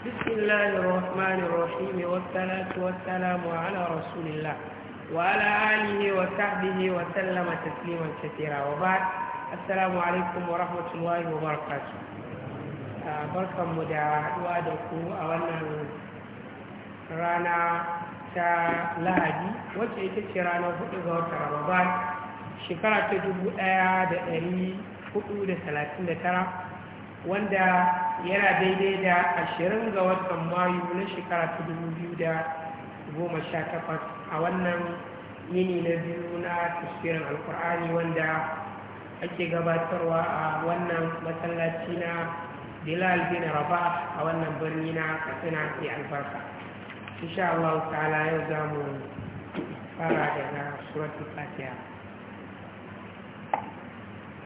بسم الله الرحمن الرحيم والصلاة والسلام على رسول الله وعلى آله وصحبه وسلم تسليما كثيرا وبعد السلام عليكم ورحمة الله وبركاته barkan mu da haɗuwa da ku a wannan rana ta lahadi wacce ita ce ranar hudu ga wata shekara ta dubu ɗaya da ɗari hudu da talatin da tara wanda yana daidai da ashirin ga watan mayu na shekara ta dubu biyu da goma sha takwas a wannan yini na biyu na tasirin alkur'ani wanda ake gabatarwa a wannan masallaci na bilal bin Raba, a wannan birni na katsina ke albarka insha allahu ta'ala yau za mu fara daga suratul fatiha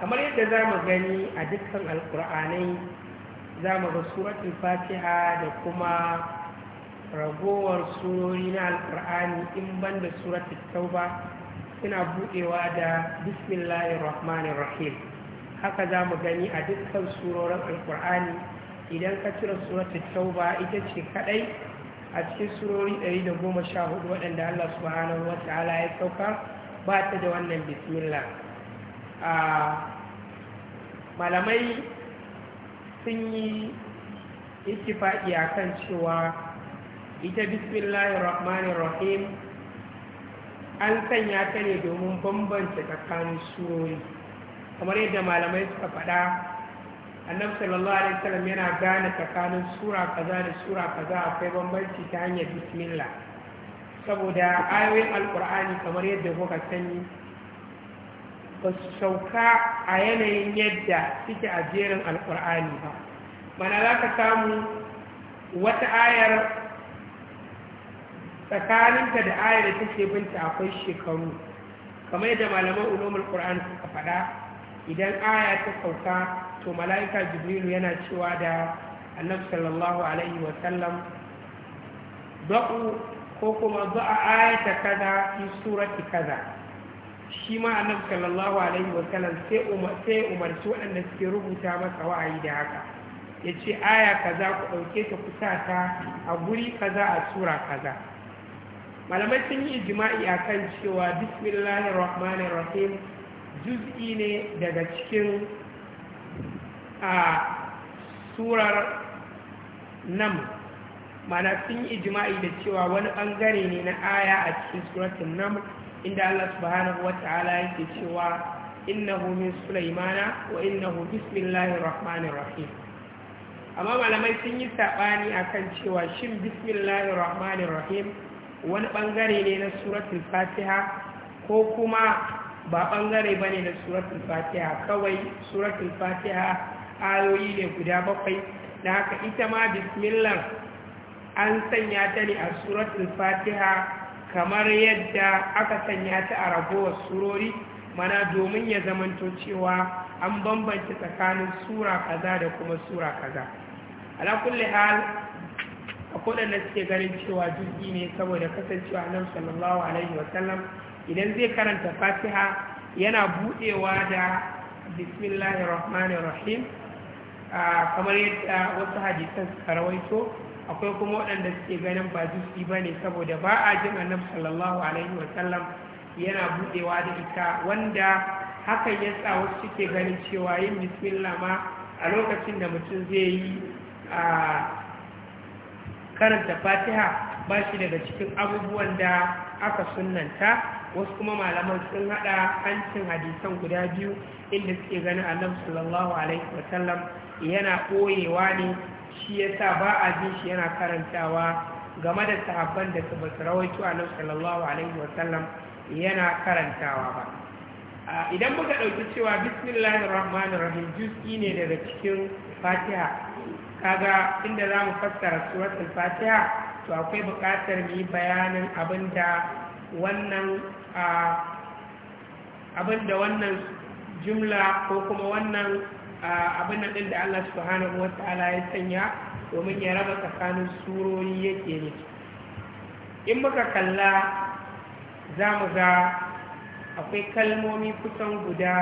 kamar yadda za mu gani a dukkan alkur'anai za mu ga suratul fatiha da kuma ragowar surori na alkur'ani in ban da suratul tauba suna buɗewa da bismillahir haka za mu gani a dukkan surorin alkur'ani idan ka cire suratul tauba ita ce kaɗai a cikin surori 114 waɗanda Allah subhanahu wa ta'ala ya sauka ba ta da wannan bismillah malamai sun yi ittifaƙi a kan cewa ita bismillahir rahmanir rahim an sanya ta ne domin bambanta tsakanin surori kamar yadda malamai suka faɗa annabi sallallahu alaihi wasallam yana gane tsakanin sura kaza da sura kaza akwai bambanci ta hanyar bismillah saboda ayoyin alkur'ani kamar yadda kuka sani ba su sauka a yanayin yadda suke a jerin alkur'ani ba mana za ka samu wata ayar tsakaninta da ayar da take binta akwai shekaru kamar yadda malaman ulomar qur'an suka faɗa idan aya ta sauka to mala'ika jibrilu yana cewa da annabi sallallahu alaihi wa sallam ko kuma a ayata kaza fi surati kaza shi ma annabi sallallahu alaihi wa sallam sai umarci waɗanda suke rubuta masa wa'ayi da haka ya ce aya kaza ku ɗauke ta ku ta a guri kaza a sura kaza malamai sun yi jima'i akan cewa bismillahir rahmanir rahim juz'i ne daga cikin a surar nam mana sun yi jima'i da cewa wani bangare ne na aya a cikin suratun nam inda Allah subhanahu wata'ala yake cewa innahu min sulaimana wa innahu bismillahir rahmanir rahim amma malamai sun yi sabani akan cewa shin bismillahir rahmanir rahim wani bangare ne na suratul fatiha ko kuma ba bangare bane na suratul fatiha kawai suratul fatiha ayoyi ne guda bakwai da haka ita ma bismillah an sanya ta ne a suratul fatiha kamar yadda aka sanya ta a ragowar surori mana domin ya zamanto cewa an bambanta tsakanin sura kaza da kuma sura kaza alakulli kulli hal akwai da suke ganin cewa jirgi ne saboda kasancewa nan sallallahu alaihi wasallam idan zai karanta fatiha yana budewa da bismillahirrahmanirrahim kamar yadda wasu hadisan suka rawaito akwai kuma waɗanda suke ganin ba zuci ba ne saboda ba a jin annab sallallahu alaihi wa sallam yana buɗewa da ita wanda hakan ya sa wasu suke ganin cewa yin bismillah ma a lokacin da mutum zai yi a karanta fatiha ba shi daga cikin abubuwan da aka sunanta wasu kuma malaman sun haɗa hancin hadisan guda biyu inda suke ganin annab sallallahu alaihi wa sallam yana ɓoyewa ne shi yasa ba a jin shi yana karantawa game da sahabban da su basu rawaito a nan sallallahu alaihi wasallam yana karantawa ba idan muka ɗauki cewa bismillahir rahmanir rahim juz'i ne daga cikin fatiha kaga inda zamu fassara suratul fatiha to akwai buƙatar mu yi bayanin abinda wannan abinda wannan jumla ko kuma wannan abin nan ɗin da Allah subhanahu wa ta'ala ya sanya domin ya raba tsakanin surori yake ne in muka kalla za mu ga akwai kalmomi kusan guda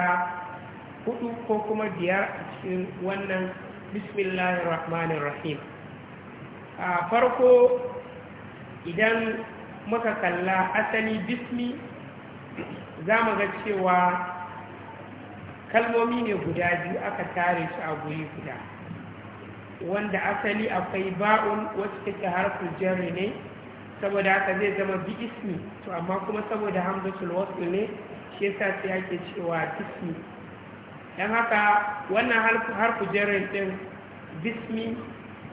hudu ko kuma biyar a cikin wannan bismillahir rahmanir rahim a farko idan muka kalla asali bismi za mu ga cewa kalmomi ne guda biyu aka tare su a guri guda wanda asali akwai ba'un wacce take harfin jari ne saboda haka zai zama bi ismi to amma kuma saboda hamdatul wasl ne shi yasa sai ake cewa ismi dan haka wannan harfu jari din bismi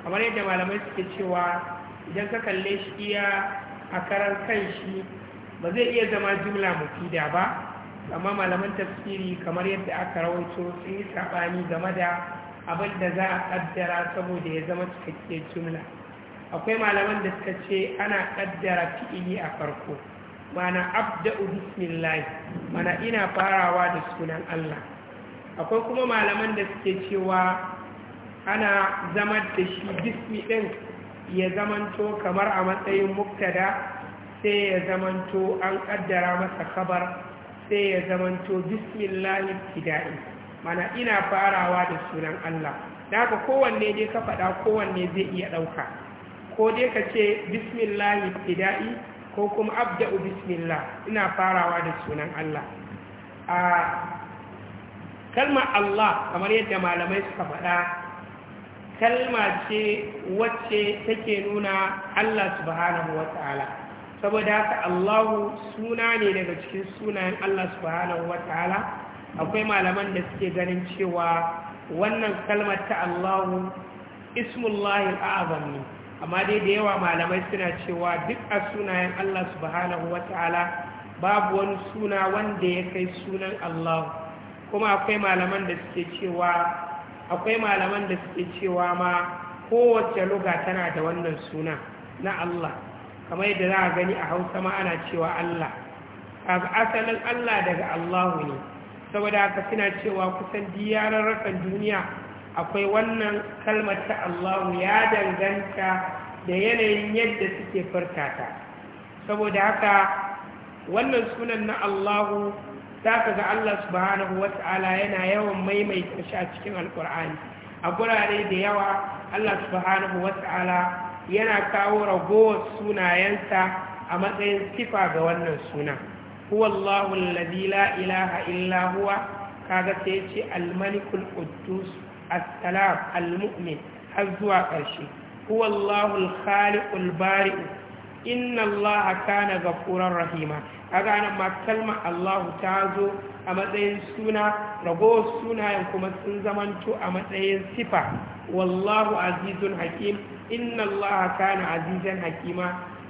kamar yadda malamai suke cewa idan ka kalle shi iya a karan kan shi ba zai iya zama jumla mufida ba amma malaman tafsiri kamar yadda aka rawaito sun yi saɓani game da abin da za a ƙaddara saboda ya zama cikakkiyar jumla akwai malaman da suka ce ana ƙaddara fi'ili a farko mana abda'u bismillah mana ina farawa da sunan Allah akwai kuma malaman da suke cewa ana zama da shi bismi ɗin ya zamanto kamar a matsayin muktada sai ya zamanto an ƙaddara masa kabar sai ya zamanto bismillahi ibtida'i mana ina farawa da sunan Allah ka kowanne dai ka faɗa kowanne zai iya ɗauka ko dai ka ce bismillahi ibtida'i ko kuma abda'u bismillah ina farawa da sunan Allah a kalmar Allah kamar yadda malamai suka faɗa kalma ce wacce take nuna Allah subhanahu wata'ala saboda haka Allahu suna ne daga cikin sunayen Allah subhanahu ta'ala, akwai malaman da suke ganin cewa wannan kalmar ta Allahu ismullahi al'azam ne amma dai da yawa malamai suna cewa duk a sunayen Allah subhanahu ta'ala, babu wani suna wanda ya kai sunan Allah kuma akwai malaman da suke cewa akwai malaman da suke cewa ma kowace luga tana da wannan suna na Allah kamar yadda za a gani a hausa ma ana cewa Allah kaga asalin Allah daga Allahu ne saboda haka suna cewa kusan diyararrakan duniya akwai wannan kalmar ta Allahu ya danganta da yanayin yadda suke furta ta saboda haka wannan sunan na Allahu za ka ga Allah subhanahu wata'ala yana yawan maimaita shi a cikin alkur'ani a gurare da yawa Allah subhanahu wata'ala yana kawo ragowar sunayensa a matsayin sifa ga wannan suna huwallahu alladhi la ilaha illa huwa kaga sai ya ce al-malikul quddus as-salam al-mu'min har zuwa ƙarshe huwallahu al-khaliqul bari inna kana ghafurur rahima a nan ma kalmar Allah ta zo a matsayin suna ragowar sunayen kuma sun zamanto a matsayin sifa wallahu azizun hakim inna Allah kana azizan hakima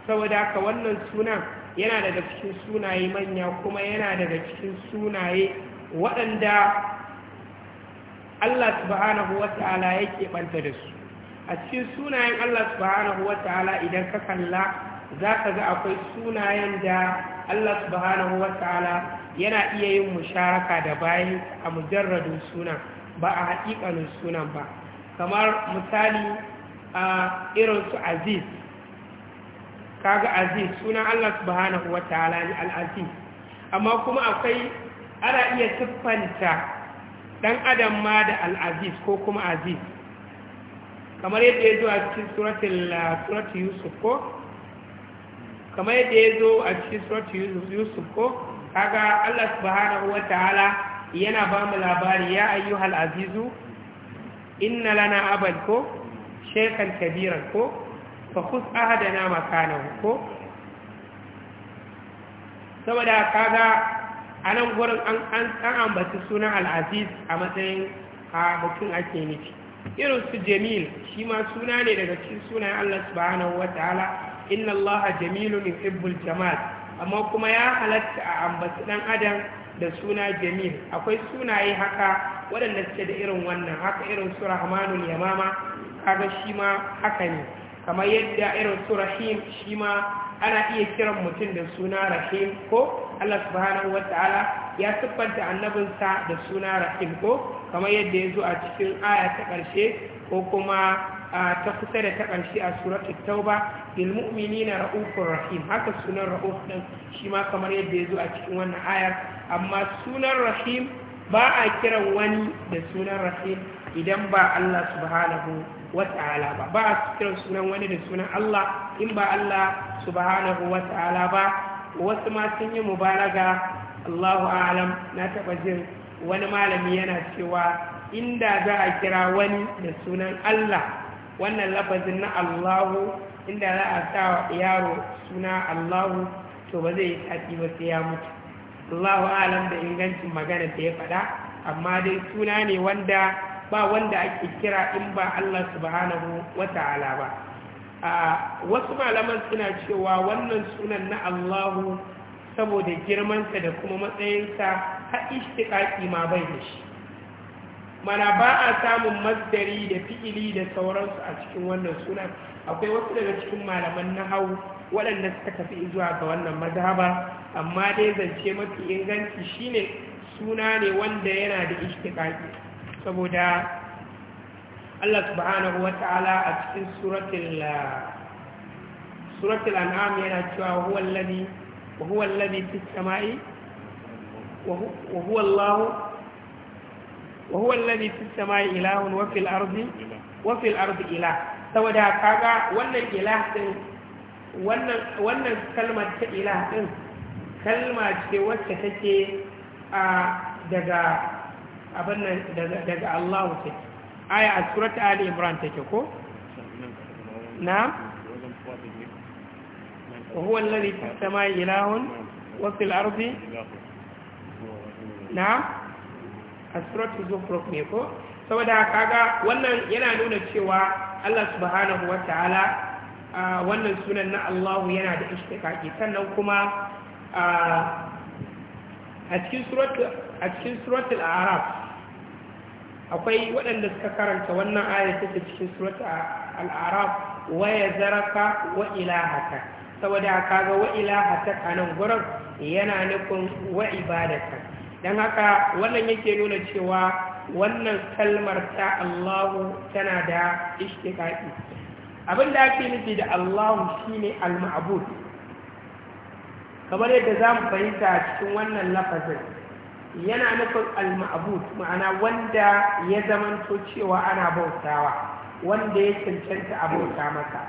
saboda ka wannan sunan yana daga cikin sunaye manya kuma yana daga cikin sunaye waɗanda Allah subhanahu wata'ala yake banta da su a cikin sunayen Allah subhanahu wata'ala idan ka kalla za ka ga akwai sunayen da Allah subhanahu wa ta'ala yana iya yin musharaka da bayan a mujarradin suna ba a haƙiƙanin sunan ba kamar misali a irinsu aziz kaga aziz sunan Allah subhanahu wa ta'ala ne al'aziz amma kuma akwai ana iya siffanta ɗan adam ma da al'aziz ko kuma aziz kamar yadda ya zuwa cikin suratun yusuf ko kamar yadda ya zo a cikin suratu yusuf ko kaga Allah subhanahu ta'ala yana ba mu labari ya ayyuhal azizu inna lana abal ko shekan kabiran ko fa kus ahadana makanahu ko saboda kaga a nan gurin an ambaci sunan aziz a matsayin a mutum ake nufi irin su jamil shi ma suna ne daga cikin sunayen Allah subhanahu ta'ala. inna Jamilu jamilun yuhibbul jamal amma kuma ya halatta a ambaci ɗan adam da suna jamil akwai sunaye haka waɗanda suke da irin wannan haka irin su rahmanul yamama kaga shi ma haka ne kamar yadda irin su rahim shi ma ana iya kiran mutum da suna rahim ko Allah subhanahu wata'ala ya siffanta annabinsa da suna rahim ko kamar yadda ya zo a cikin aya ta ƙarshe ko kuma ta kusa da ta ƙarshe a suratul tauba lil na ra'ufin rahim haka sunan ra'uf shi ma kamar yadda ya zo a cikin wannan ayar amma sunan rahim ba a kiran wani da sunan rahim idan ba Allah subhanahu wata'ala ba ba a kiran sunan wani da sunan Allah in ba Allah subhanahu wata'ala ba wasu ma sun yi mubalaga Allahu alam na taɓa jin wani malami yana cewa inda za a kira wani da sunan Allah wannan lafazin na allahu inda za a sa yaro suna allahu to ba zai yi tasi ba sai ya mutu allahu alam da ingancin magana da ya faɗa amma dai suna ne wanda ba wanda ake kira in ba allah subhanahu wa ta'ala ba A'a wasu malaman suna cewa wannan sunan na allahu saboda girmansa da kuma matsayinsa har ishtiƙaƙi ma bai da shi mana ba a samun masdari da fi'ili da sauransu a cikin wannan sunan akwai wasu daga cikin malaman na hau waɗanda suka tafi zuwa ga wannan mazhaba amma dai zance mafi inganci shine suna ne wanda yana da ishtiqaqi saboda Allah subhanahu wata'ala a cikin suratul suratul an'am yana cewa huwa allazi huwa allazi fis samai wa huwa Allahu wa huwa alladhi fis samai ilahun wa fil ardi wa saboda kaga wannan ilah din wannan wannan kalmar ta ilah din kalma ce wacce take a daga abin nan daga Allah take aya a surat Ali Imran take ko na وهو الذي في السماء إله وفي الأرض نعم a zukhruf ne ko saboda kaga wannan yana nuna cewa Allah subhanahu wataala wannan sunan na Allah yana da ishtiqaqi sannan kuma a cikin suratul a a'raf akwai waɗanda suka karanta wannan ayar ta cikin suratul al-a'raf wa yazaraka wa ilahaka saboda kaga wa ilahaka nan gurin yana nufin wa ibadaka don haka wannan yake nuna cewa wannan kalmar ta allahu tana da ishtiƙaƙi abin da ake nufi da allahu shine al-ma'bud kamar yadda za fahimta cikin wannan lafazin yana nufin al-ma'bud ma'ana wanda ya zamanto cewa ana bautawa wanda ya cancanta a bauta masa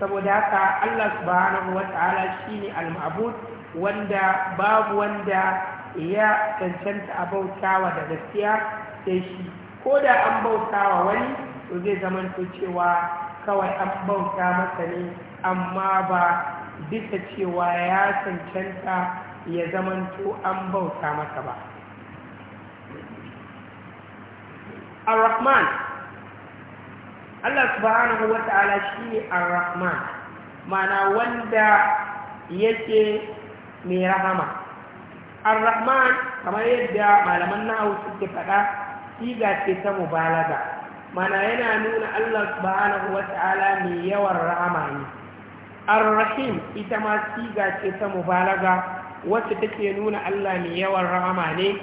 saboda haka Allah subhanahu wata'ala shine al-ma'bud wanda babu wanda ya cancanta a bautawa da gaskiya sai shi ko da an bautawa wani to zai zamanto cewa kawai an bauta masa ne amma ba bisa cewa ya cancanta ya zamanto an bauta masa ba ar-rahman Allah subhanahu wata'ala shi ne ar-rahman mana wanda yake mai rahama ar-rahman kamar yadda malaman nahawu suke faɗa siga ta mubalaga mana yana nuna Allah subhanahu wata'ala mai yawan rahama ne ar-rahim ita ma siga ce ta mubalaga wacce take nuna Allah mai yawan rahama ne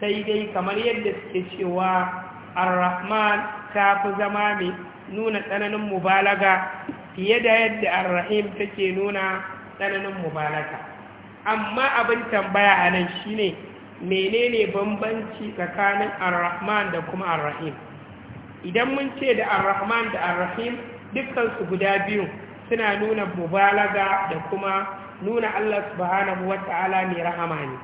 sai dai kamar yadda suke cewa ar-rahman ta fi zama mai nuna tsananin mubalaga fiye da yadda ar-rahim take nuna tsananin mubalaga amma abin tambaya a nan shi shine menene bambanci tsakanin al rahman da kuma al rahim idan mun ce da arrahman rahman da al rahim dukkansu guda biyu suna nuna mubalaga da kuma nuna Allah subhanahu wata'ala mai rahama ne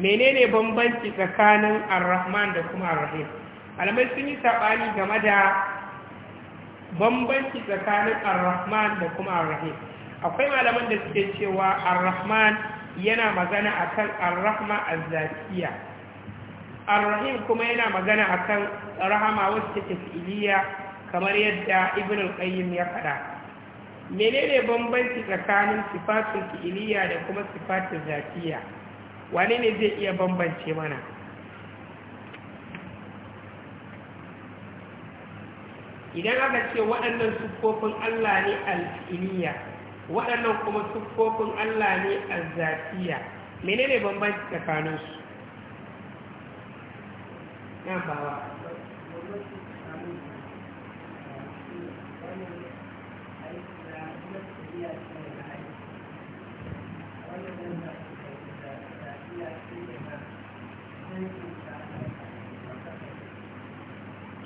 menene bambanci tsakanin al rahman da kuma al rahim alamai sun yi saɓani game da bambanci tsakanin al rahman da kuma al rahim akwai malaman da suke cewa arrahman rahman yana magana kan al rahma al-Zakiya, al rahim kuma yana magana a kan rahama wacce ta fi'iliya kamar yadda ibn al-qayyim ya fada menene bambanci tsakanin sifatun fi'iliya da kuma sifatun zakiya? wane ne zai iya bambance mana idan aka ce waɗannan siffofin Allah ne alfiliya waɗannan kuma siffofin Allah ne a zafiya menene bambanci tsakaninsu na bawa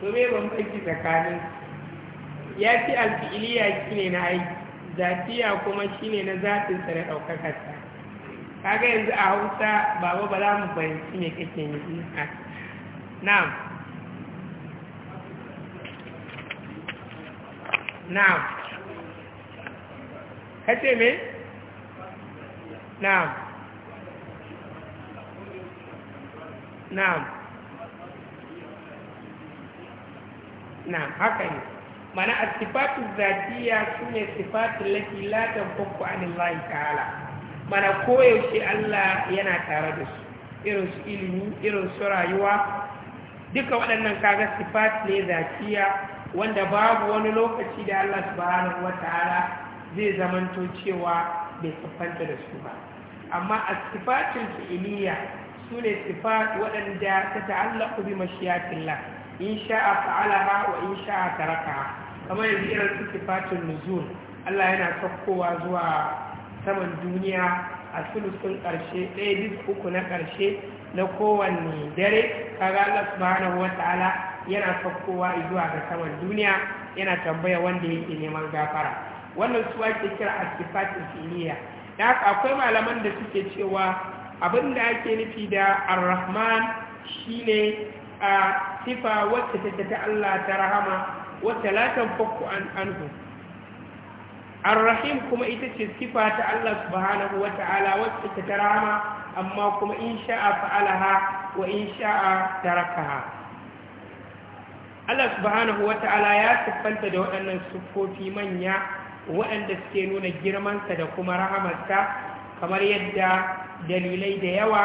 to me bambanci tsakaninsu ya fi alfi'iliya shi ne na aiki zatiya kuma shine na zatinsa da ɗaukakarsa kaga yanzu a hausa baba ba za mu fahimci me kake yi a na'am na'am kace me na'am na'am na'am haka ne mana a sifatu zatiya su ne sifatu lati latan fakku anillahi ta'ala mana koyaushe Allah yana tare da su irin su ilimi irin su rayuwa duka waɗannan kaga sifat ne zatiya wanda babu wani lokaci da Allah subhanahu wataala zai zamanto cewa bai siffanta da su ba amma a fi'iliya su ne sifat waɗanda ta ta'allaku bi mashiyatillah in sha'a fa'alaha wa in sha'a tarakaha kamar yanzu irin su sifatin nuzul Allah yana saukowa zuwa saman duniya a sulusun ƙarshe ɗaya duk uku na karshe na kowanne dare kaga Allah subhanahu wa ta'ala yana saukowa zuwa ga saman duniya yana tambaya wanda yake neman gafara wannan su ake kira fatin filiya da haka akwai malaman da suke cewa abin da ake nufi da arrahman shine a sifa wacce ta Allah ta rahama wata latan fakku an anhu arrahim kuma ita ce sifa ta Allah subhanahu wa ta'ala wacce ta tarama amma kuma in sha'a fa'alaha wa in sha'a Allah subhanahu wa ta'ala ya siffanta da waɗannan siffofi manya waɗanda suke nuna girmansa da kuma rahamarsa kamar yadda dalilai da yawa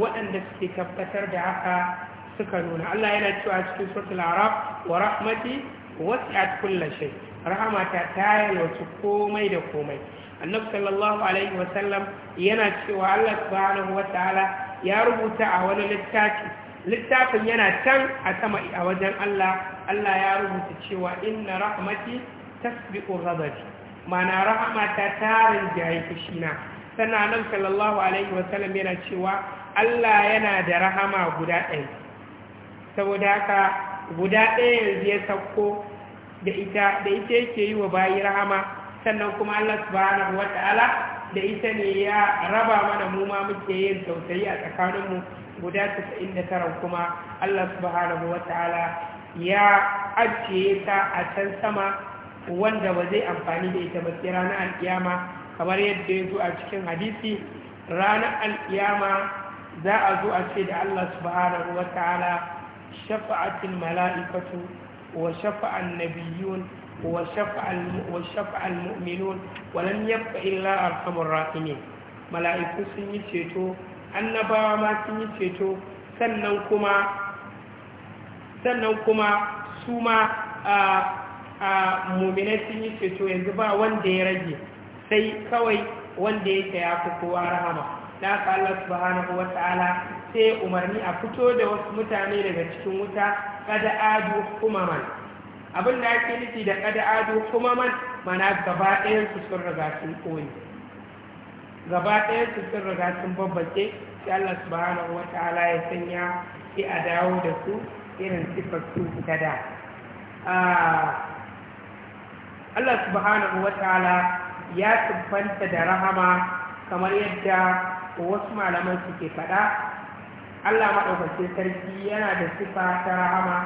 waɗanda suke tabbatar da haka suka nuna Allah yana cewa cikin suratul wa rahmati wasi'at kulla shay rahamata ta yalwaci komai da komai annabi sallallahu alaihi sallam yana cewa Allah subhanahu wataala ya rubuta a wani littafi littafin yana can a sama a wajen Allah Allah ya rubuta cewa inna rahmati tasbiqu ghadabi mana rahamata ta rinjaye kishina sannan annabi sallallahu alaihi sallam yana cewa Allah yana da rahama guda ɗaya saboda haka guda ɗaya yanzu ya sauko da ita da ita yake yi wa bayi rahama sannan kuma Allah subhanahu wata'ala da ita ne ya raba mana mu ma muke yin tausayi a mu guda 99 kuma Allah subhanahu wata'ala ya ajiye ta a can sama wanda ba zai amfani da ita ba sai ranar alkiyama kamar yadda ya zo a cikin hadisi ranar alkiyama za a zo a ce da Allah subhanahu wata'ala شفعت الملائكة وشفع النبيون وشفع, وشفع المؤمنون ولم يبق إلا أرحم الراحمين mala'iku sun yi ceto annabawa ma sun yi ceto sannan kuma suma su ma a a sun yi ceto yanzu ba wanda ya rage sai kawai wanda yake ya fi kowa rahama da aka Allah subhanahu wa ta'ala sai umarni a fito da wasu mutane daga cikin wuta kada adu man. abin da ake nufi da kada adu man, mana gaba ɗayan su sun riga sun koyi gaba ɗayan su sun riga sun babbace sai Allah subhanahu wa ta'ala ya sanya sai a dawo da su irin sifar su ta da Allah subhanahu wa ta'ala ya tuffanta da rahama kamar yadda wasu malaman suke faɗa Allah maɗaukacin sarki yana da sifa ta rahama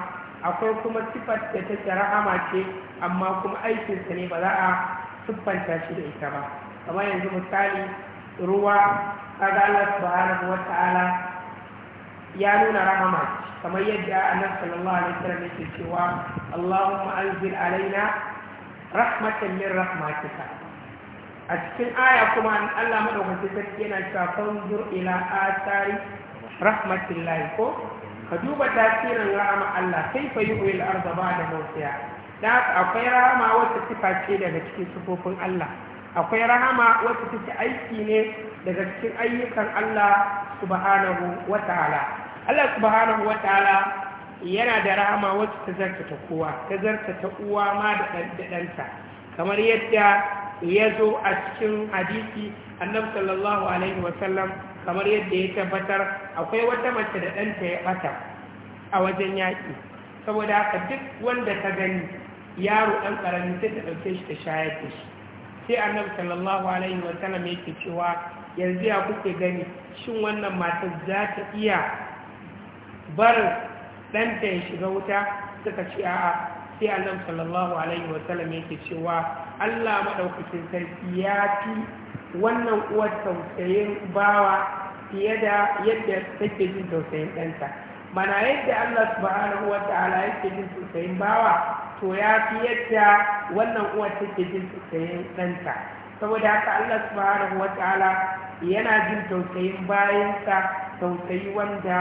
akwai kuma sifar da take rahama ce amma kuma aikinsa ne ba za a siffanta shi da ita ba kamar yanzu misali ruwa kaga Allah subhanahu wa ta'ala ya nuna rahama kamar yadda annabi sallallahu alaihi wasallam yake cewa Allahumma anzil alaina rahmatan min rahmatika a cikin aya kuma Allah madaukakin sarki yana cewa fanzur ila asari rahmatillahi ko ka duba tasirin rahama Allah sai fa yi uyil arda ba da mawsiya dan akwai rahama wacce sifa ce daga cikin sifofin Allah akwai rahama wacce take aiki ne daga cikin ayyukan Allah subhanahu wataala Allah subhanahu wataala yana da rahama wacce ta zarta ta kowa ta zarta ta uwa ma da ɗanta kamar yadda ya zo a cikin hadisi annabi sallallahu alaihi sallam. kamar yadda ya tabbatar akwai wata mace da ɗanta ya ɓata a wajen yaƙi saboda haka duk wanda ta gani yaro ɗan ƙarami sai ta ɗauke shi ta shayar da shi sai annabi sallallahu alaihi wa sallam yake cewa yanzu ya kuke gani shin wannan matar za ta iya barin ɗanta ya shiga wuta suka ce a'a sai annabi sallallahu alaihi wa sallam yake cewa Allah maɗaukacin sarki ya fi wannan uwar tausayin bawa fiye da yadda take jin tausayin ɗanta mana yadda Allah subhanahu wa ta'ala yake jin tausayin bawa to ya fi yadda wannan uwar take jin tausayin ɗanta saboda haka Allah subhanahu wa ta'ala yana jin tausayin bayansa tausayi wanda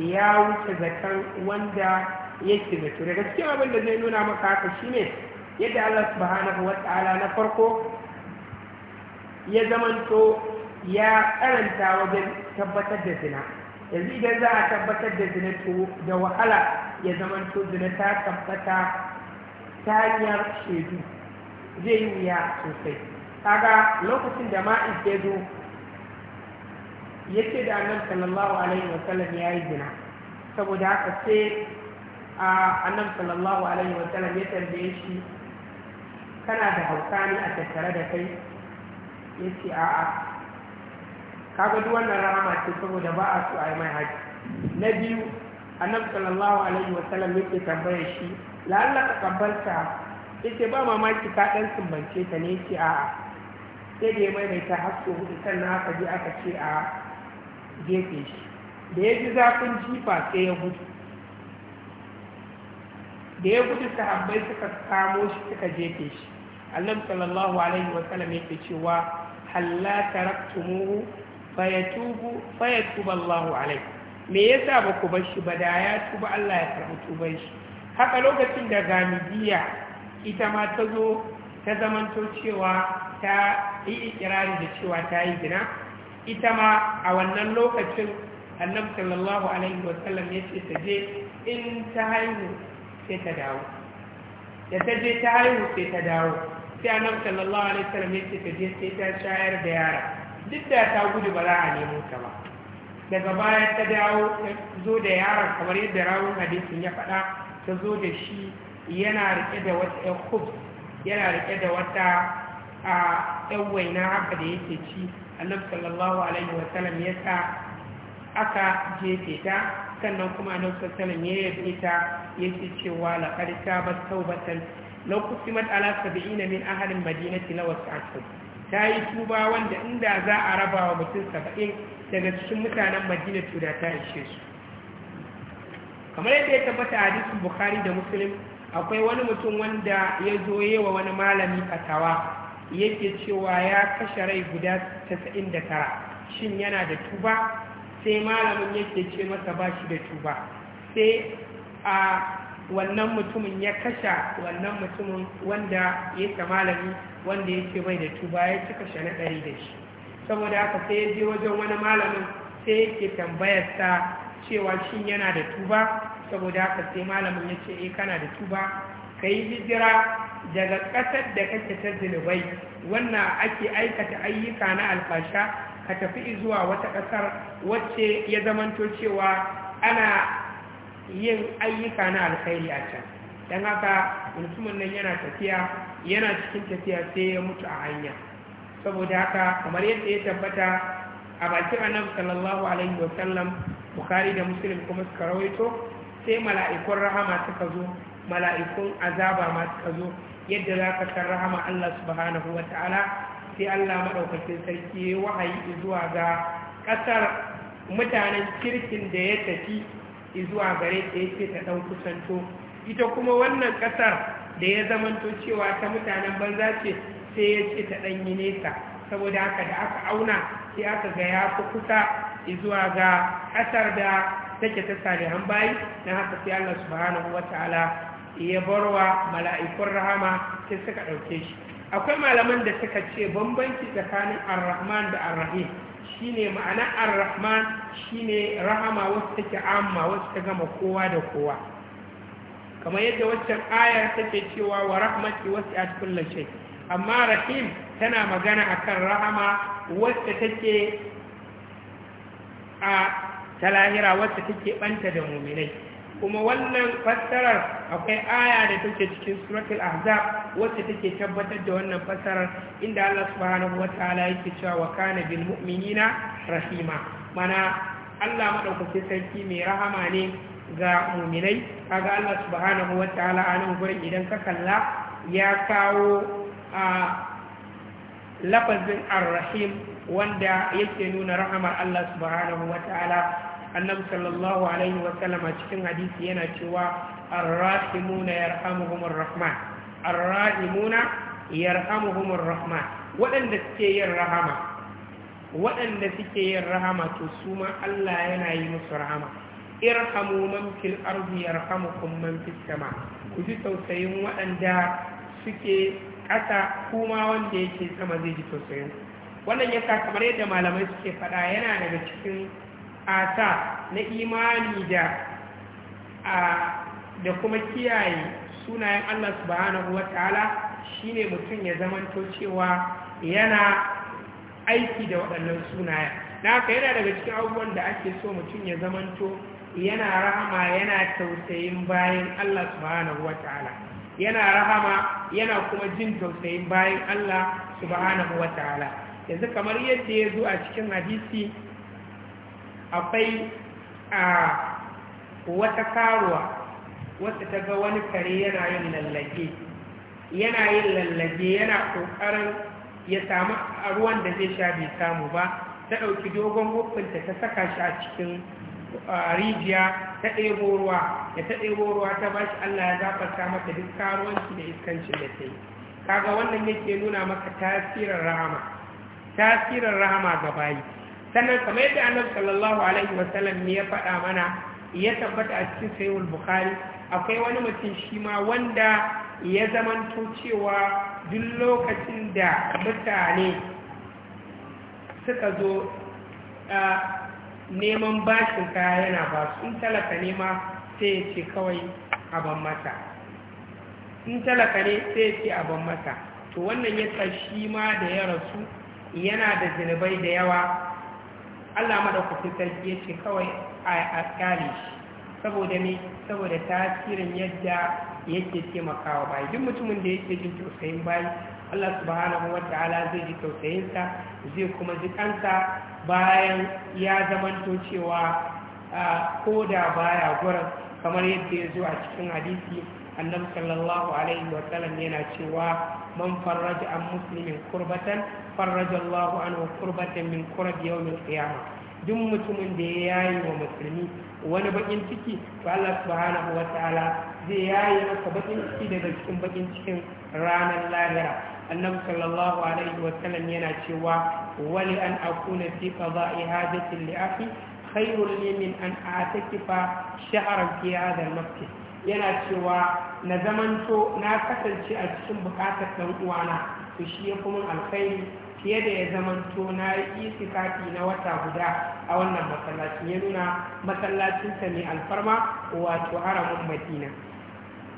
ya wuce zakan wanda yake zato daga cikin abin da zai nuna maka haka shine yadda Allah subhanahu wa ta'ala na farko ya zamanto ya karanta wajen tabbatar da zina yanzu idan za a tabbatar da zina to da wahala ya zamanto zina ta tabbata ta hanyar shaidu zai yi wuya sosai kaga lokacin da ma'is ya zo ya ce da annan sallallahu alaihi wasallam ya yi zina saboda haka sai annan sallallahu alaihi wasallam ya tambaye shi kana da hauka ne a tattare da kai ya ce a'a kaga duk wannan rahama ce saboda ba a so a yi mai haji na biyu annabi sallallahu alaihi wa sallam yake tambaya shi la'alla ka kabbalta yace ba mamaki ka dan sumbance ta ne yace a'a sai da ya maimaita hasko hudu sannan aka je aka ce a gefe shi da ya ji zafin jifa sai ya gudu da ya gudu sahabbai suka kamo shi suka jefe shi annabi sallallahu alaihi wa sallam yake cewa halla taraktumuhu fayatubu fayatubu Allahu alaihi me yasa ba ku bar shi ba da ya tuba Allah ya karɓi tuban shi haka lokacin da gamidiya ita ma ta zo ta zamanto cewa ta yi ikirari da cewa ta yi gina, ita ma a wannan lokacin annabi sallallahu alaihi sallam ya ce ta je in ta haihu sai ta dawo da ta je ta haihu sai ta dawo sai annabi sallallahu alaihi wasallam ya ce ta je sai ta shayar da yara duk da ta gudu ba za a nemo ta ba daga baya ta dawo ta zo da yaron kamar yadda rawun hadisin ya faɗa ta zo da shi yana rike da wata ƴan hubs yana rike da wata a ƴan waina haka da yake ci annabi sallallahu alaihi wasallam ya sa aka jefe ta sannan kuma annabi sallallahu alaihi wasallam ya yabe ta yake cewa ta tabat tawbatan lau kusimat ala saba'ina min ahalin madinati na wasu ashir ta yi tuba wanda inda za a raba wa mutum saba'in daga cikin mutanen madina da ta ishe su kamar yadda ya tabbata hadisin bukhari da muslim akwai wani mutum wanda ya zo yewa wani malami fatawa yake cewa ya kashe rai guda 99 shin yana da tuba sai malamin yake ce masa ba shi da tuba sai a wannan mutumin ya kasha wannan mutumin wanda ya ta malami wanda ya ce bai da tuba ya cika shana ɗari da shi saboda haka sai ya je wajen wani malamin sai ke tambayar sa cewa shin yana da tuba saboda haka sai malamin ya ce eh kana da tuba ka yi hijira daga ƙasar da kake ta zunubai wannan ake aikata ayyuka na alfasha ka tafi zuwa wata ƙasar wacce ya zamanto cewa ana yin ayyuka na alkhairi a can don haka mutumin nan yana tafiya yana cikin tafiya sai ya mutu a hanya saboda haka kamar yadda ya tabbata a bakin annabi sallallahu alaihi wa sallam bukari da muslim kuma suka rawaito sai mala'ikun rahama suka zo mala'ikun azaba ma suka zo yadda za ka san rahama Allah subhanahu wa ta'ala sai Allah maɗaukacin sarki wahayi zuwa ga ƙasar mutanen kirkin da ya tafi zuwa gare ta yake ta ɗan kusanto ita kuma wannan ƙasar da ya zamanto cewa ta mutanen banza ce sai ya ce ta ɗan yi nesa saboda haka da aka auna sai aka ga ya fi kusa izuwa ga kasar da take ta salihan bayi na haka sai Allah subhanahu wataala ya barwa mala'ikun rahama sai suka ɗauke shi akwai malaman da suka ce bambanci tsakanin arrahman da arrahim shine ma'ana ar-rahman shine rahama wacce take amma wacce ta gama kowa da kowa kamar yadda waccan ayar take cewa wa rahmati wasi'at kulli shay amma rahim tana magana akan rahama wacce take a talahira wacce take banta da mu'minai kuma wannan fassarar akwai aya da take cikin suratul ahzab wacce take tabbatar da wannan fassarar inda Allah subhanahu wataala yake cewa wa kana bil mu'minina rahima mana Allah madaukakin sarki mai rahama ne ga mu'minai kaga Allah subhanahu wataala anan gurin idan ka kalla ya kawo a lafazin ar-rahim wanda yake nuna rahamar Allah subhanahu wataala annabi sallallahu alaihi wasallam a cikin hadisi yana cewa arrahimuna yarhamuhumur rahman arrahimuna yarhamuhumur rahman suke yin rahama suke yin rahama to su ma Allah yana yi musu rahama irhamu man fil ardi yarhamukum man fis sama ku ji tausayin suke ƙasa kuma wanda yake sama zai ji tausayin wannan yasa kamar yadda malamai suke faɗa yana daga cikin asa na imani da da kuma kiyaye sunayen Allah subhanahu wa ta'ala shine mutum ya zamanto cewa yana aiki da waɗannan sunayen na yana daga cikin abubuwan da ake so mutum ya zamanto yana rahama yana tausayin bayan Allah subhanahu wa ta'ala yana rahama yana kuma jin tausayin bayan Allah subhanahu wa ta'ala yanzu kamar yadda ya zo a cikin hadisi akwai a wata karuwa wata ta ga wani kare yana yin lallage yana yin lallage yana ƙoƙarin ya samu ruwan da zai sha bai samu ba ta ɗauki dogon hukunta ta saka shi a cikin rijiya ta ɗebo ruwa da ta ɗebo ruwa ta ba shi Allah ya zafarta mata duk karuwanci da iskancin da ta yi kaga wannan yake nuna maka tasirin rahama tasirin rahama ga bayi sannan kamar yadda annabi sallallahu alaihi wa ne ya faɗa mana ya tabbata a cikin sayyid bukhari akwai wani mutum shi ma wanda ya zamanto cewa duk lokacin da mutane suka zo neman bashin kaya yana ba su in talaka ma sai ya ce kawai a ban mata in talaka ne sai ya ce a ban mata to wannan ya shi ma da ya rasu yana da zinubai da yawa Allah madaukakin sarki ya ce kawai a kyale shi saboda ne saboda tasirin yadda yake taimakawa bayi duk mutumin da yake jin tausayin bayi Allah subhanahu wa ta'ala zai ji tausayinsa zai kuma ji kansa bayan ya zamanto cewa ko da baya gurin kamar yadda ya zo a cikin hadisi annabi sallallahu alaihi wa sallam yana cewa man farraja an muslimin kurbatan farraja Allah anhu kurbatan min kurab yawmil qiyamah duk mutumin da ya yayi wa musulmi wani bakin ciki to Allah subhanahu wa ta'ala zai yayi masa bakin ciki daga cikin bakin cikin ranar lahira annabi sallallahu alaihi wa sallam yana cewa wali an akuna fi qada'i yi li akhi khairul li min an a'takifa shahran fi hadha al-masjid yana cewa na zamanto na kasance a cikin bukatar ɗan uwana to shi ya kuma alkhairi fiye da ya zamanto na yi itikafi na wata guda a wannan masallaci ya nuna masallacinsa mai alfarma wato haramun madina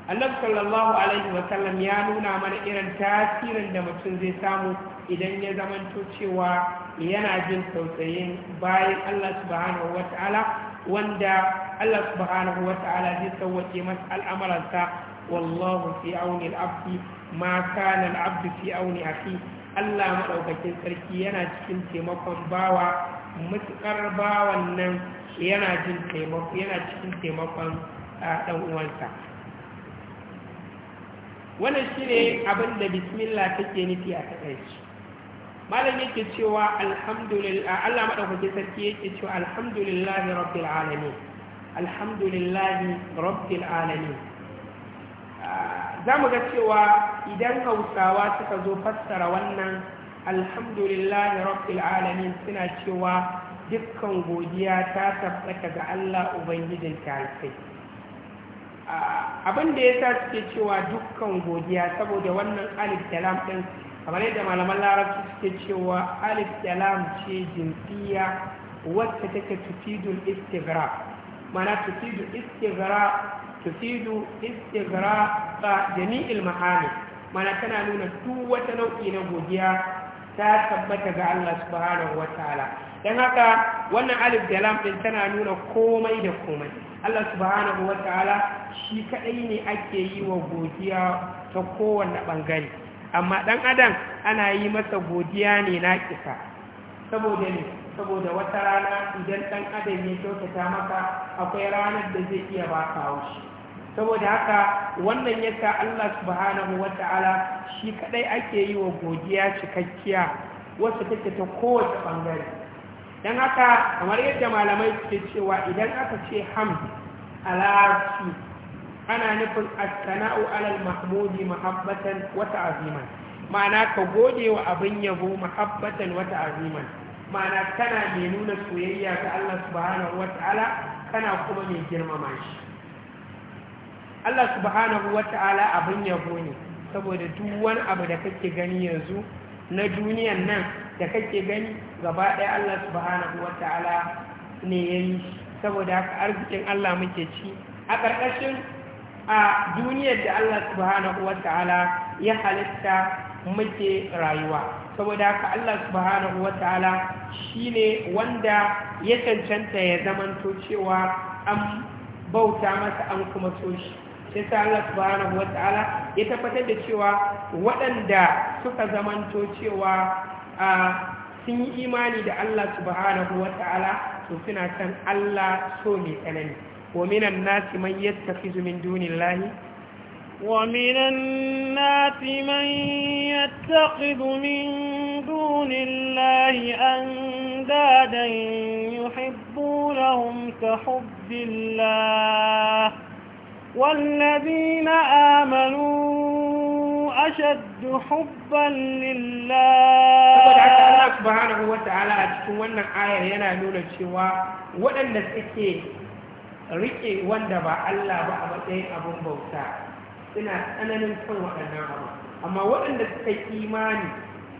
annabi sallallahu alaihi wa sallam ya nuna mana irin tasirin da mutum zai samu idan ya zamanto cewa yana jin tausayin bayan Allah subhanahu ta'ala wanda Allah subhanahu ta'ala zai sauwaƙe masa al'amuransa wallahu fi auni al'abdi ma kana al'abdu fi auni akhi Allah madaukakin sarki yana cikin taimakon bawa mutukar bawan nan yana jin taimako yana cikin taimakon dan ah, uwansa wannan ne abin da bismillah take nufi a takaici malam yake cewa alhamdulillah Allah madaukake sarki yake cewa alhamdulillah rabbil alamin alhamdulillah rabbil alamin zamu ga cewa idan Hausawa suka zo fassara wannan alhamdulillah rabbil alamin suna cewa dukkan godiya ta tabbata ga Allah ubangijin talibai abin da ya sa suke cewa dukkan godiya saboda wannan alif da lam ɗin kamar yadda malaman larabci suke cewa alif da lam ce jinsiya wacce take tufidul istigra mana tufidul istigra tufidu istigra ta jami'il mahami mana tana nuna duk wata nau'i na godiya ta tabbata ga Allah subhanahu wataala dan haka wannan alif da lam ɗin tana nuna komai da komai Allah subhanahu wa ta'ala shi kaɗai ne ake yi wa godiya ta kowane ɓangare amma ɗan adam ana yi masa godiya ne na kisa saboda ne saboda wata rana idan ɗan adam ya kyautata maka akwai ranar da zai iya ba ka haushi saboda haka wannan ya sa Allah subhanahu wa ta'ala shi kaɗai ake yi wa godiya cikakkiya wasu take ta kowace ɓangare don haka kamar yadda malamai ke cewa idan aka ce hamd a ana nufin askana'u alal mahmudi mahabbatan wata aziman ma'ana ka gode wa abin yabo mahabbatan wata aziman ma'ana kana mai nuna soyayya ga Allah subhanahu wata'ala kana kuma mai girmama shi Allah subhanahu wata'ala abin yabo ne saboda duk wani abu da kake gani yanzu na duniyan nan da kake gani gaba ɗaya Allah subhanahu wa ta'ala ne ya yi saboda haka arzikin Allah muke ci a ƙarƙashin a duniyar da Allah subhanahu wa ta'ala ya halitta muke rayuwa saboda haka Allah subhanahu wa ta'ala shi ne wanda ya cancanta ya zamanto cewa an bauta masa an kuma so shi sai sa Allah subhanahu wata'ala ya tabbatar da cewa waɗanda suka zamanto cewa sun yi imani da Allah subhanahu wata'ala to suna san Allah so mai tsanani wa minan nasi man yattakhidhu min dunillahi ومن الناس من يتخذ من دون الله أندادا يحبونهم كحب الله والذين آمنوا أشد حبا لله saboda haka Allah subhanahu a cikin wannan ayar yana nuna cewa waɗanda suke riƙe wanda ba Allah ba a matsayin abin bauta suna tsananin son waɗannan abu amma waɗanda suka yi imani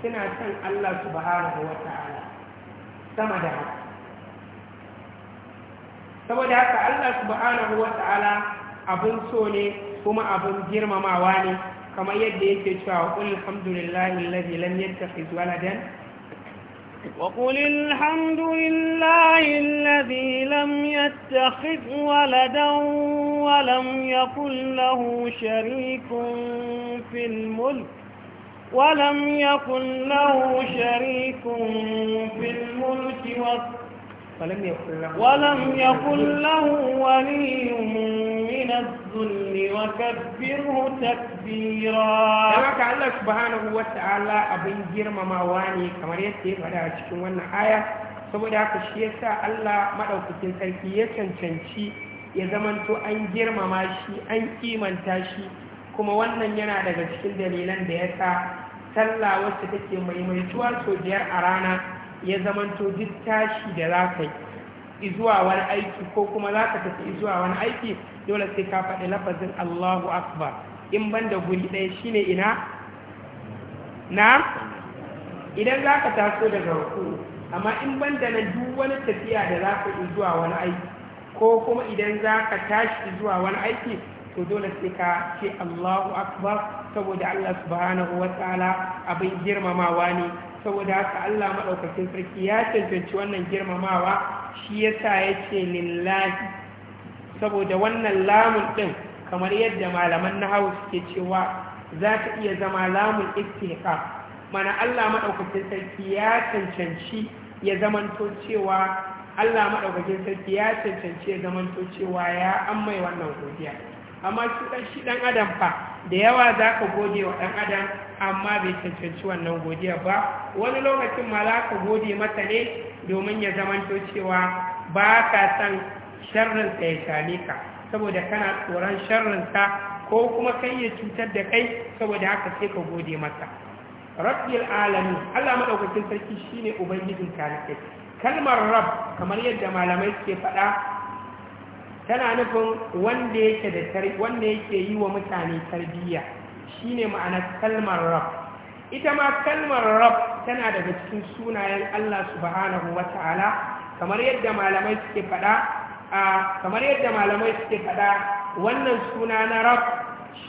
suna son Allah subhanahu sama da haka saboda haka Allah subhanahu abun so ne kuma abin girmamawa ne kamar yadda yake cewa qul alhamdulillahi alladhi lam yattakhiz waladan وقل الحمد لله الذي لم يتخذ ولدا ولم يكن له شريك في الملك ولم يكن له شريك في الملك ولم يكن له ولي من الظلم وكبره تكبيرا سبحانك الله سبحانه وتعالى أبن جرم مواني كما يتيب على cikin wannan aya saboda haka shi yasa Allah madaukakin sarki ya cancanci ya zamanto an girmama shi an kimanta shi kuma wannan yana daga cikin dalilan da yasa sallah wacce take maimaituwa sau biyar a rana ya zamanto duk tashi da za yi izuwa wani aiki ko kuma za ka tafi izuwa wani aiki dole sai ka faɗi lafazin Allahu Akbar in ban da guri ɗaya shi ne ina na idan za ka taso daga ruku amma in ban da na duk wani tafiya da za ka izuwa wani aiki ko kuma idan za ka tashi zuwa wani aiki to dole sai ka ce Allahu Akbar saboda Allah subhanahu wa ta'ala abin girmamawa ne saboda haka Allah maɗaukacin sarki ya cancanci wannan girmamawa shi yasa ya ce lillahi saboda wannan lamun ɗin kamar yadda malaman na hau suke cewa za ta iya zama lamun istiqa mana Allah maɗaukacin sarki ya cancanci ya zamanto cewa Allah maɗaukacin sarki ya cancanci ya zamanto cewa ya an mai wannan godiya amma shi ɗan adam fa da yawa za ka gode wa ɗan adam amma bai cancanci wannan godiya ba wani lokacin ma za ka gode mata ne domin ya zamanto cewa ba ka san sharrinsa ya same ka saboda kana tsoron sharrinsa ko kuma kai ya cutar da kai saboda haka sai ka gode mata rabbil alamin Allah madaukakin sarki shine ubangijin talibai kalmar rab kamar yadda malamai ke faɗa tana nufin wanda yake da wanda yake yi wa mutane tarbiyya shine ma'anar kalmar rab ita ma kalmar rab tana daga cikin sunayen Allah subhanahu wata'ala kamar yadda malamai suke a kamar yadda malamai suke fada wannan suna na rab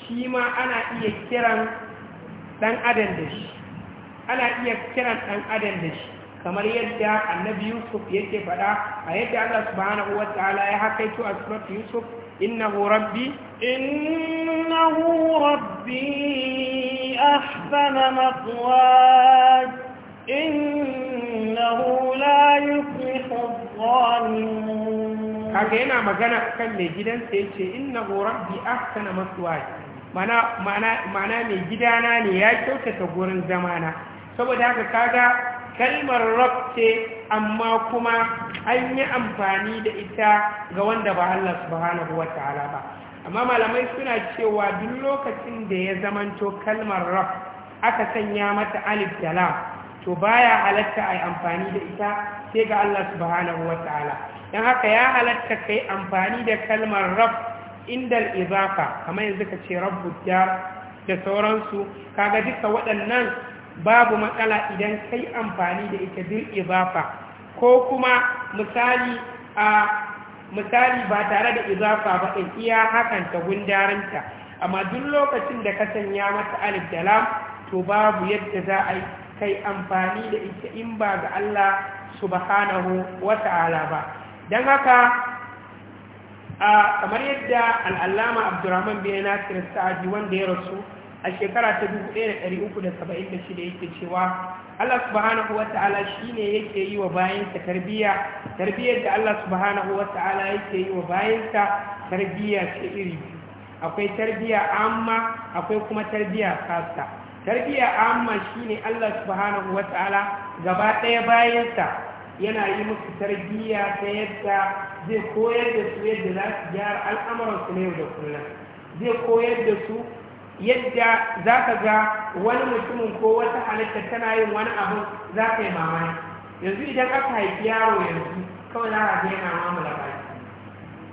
shi ma ana iya kiran dan adam da shi ana iya kiran dan adam da shi kamar yadda annabi yusuf yake faɗa a yadda Allah subhanahu wata'ala ya hakaito a surat yusuf إنه ربي إنه ربي أحسن مطواي إنه لا يفلح الظالمون kaga yana magana kan mai gidansa ya ce innahu rabbi ahsana maswaya mana mana mana mai gidana ne ya kyautata gurin zamana saboda haka kaga kalmar rab ce amma kuma an yi amfani da ita ga wanda ba Allah subhanahu wa ta'ala ba amma malamai suna cewa duk lokacin da ya zamanto kalmar rab aka sanya mata alif da lam to baya halatta ai amfani da ita sai ga Allah subhanahu wa ta'ala dan haka ya halatta kai amfani da kalmar rab indal izafa kamar yanzu ka ce rabbud da sauransu kaga duka waɗannan babu matsala idan kai amfani da ita bil izafa ko kuma misali a misali ba tare da izafa ba in iya hakan ta gundarinta amma duk lokacin da ka sanya mata alif da lam to babu yadda za a kai amfani da ita in ba ga Allah subhanahu wata'ala ba don haka a kamar yadda al-allama abdurrahman bin nasir sa'adi wanda ya rasu a shekara ta 1376 yake cewa Allah subhanahu wata'ala shine yake yi wa bayansa tarbiyya tarbiyyar da Allah subhanahu wata'ala yake yi wa bayansa tarbiyya ce iri akwai tarbiyya amma akwai kuma tarbiyya khassa tarbiyya amma shine Allah subhanahu wata'ala gaba ɗaya bayansa yana yi musu tarbiyya ta yadda zai koyar da su yadda za su gyara al'amuransu na yau da kullum zai koyar da su yadda za ka ga wani mutumin ko wata halitta tana yin wani abu za ka yi mamaya yanzu idan aka haifi yaro yanzu kawai za ka ga yana mamula baki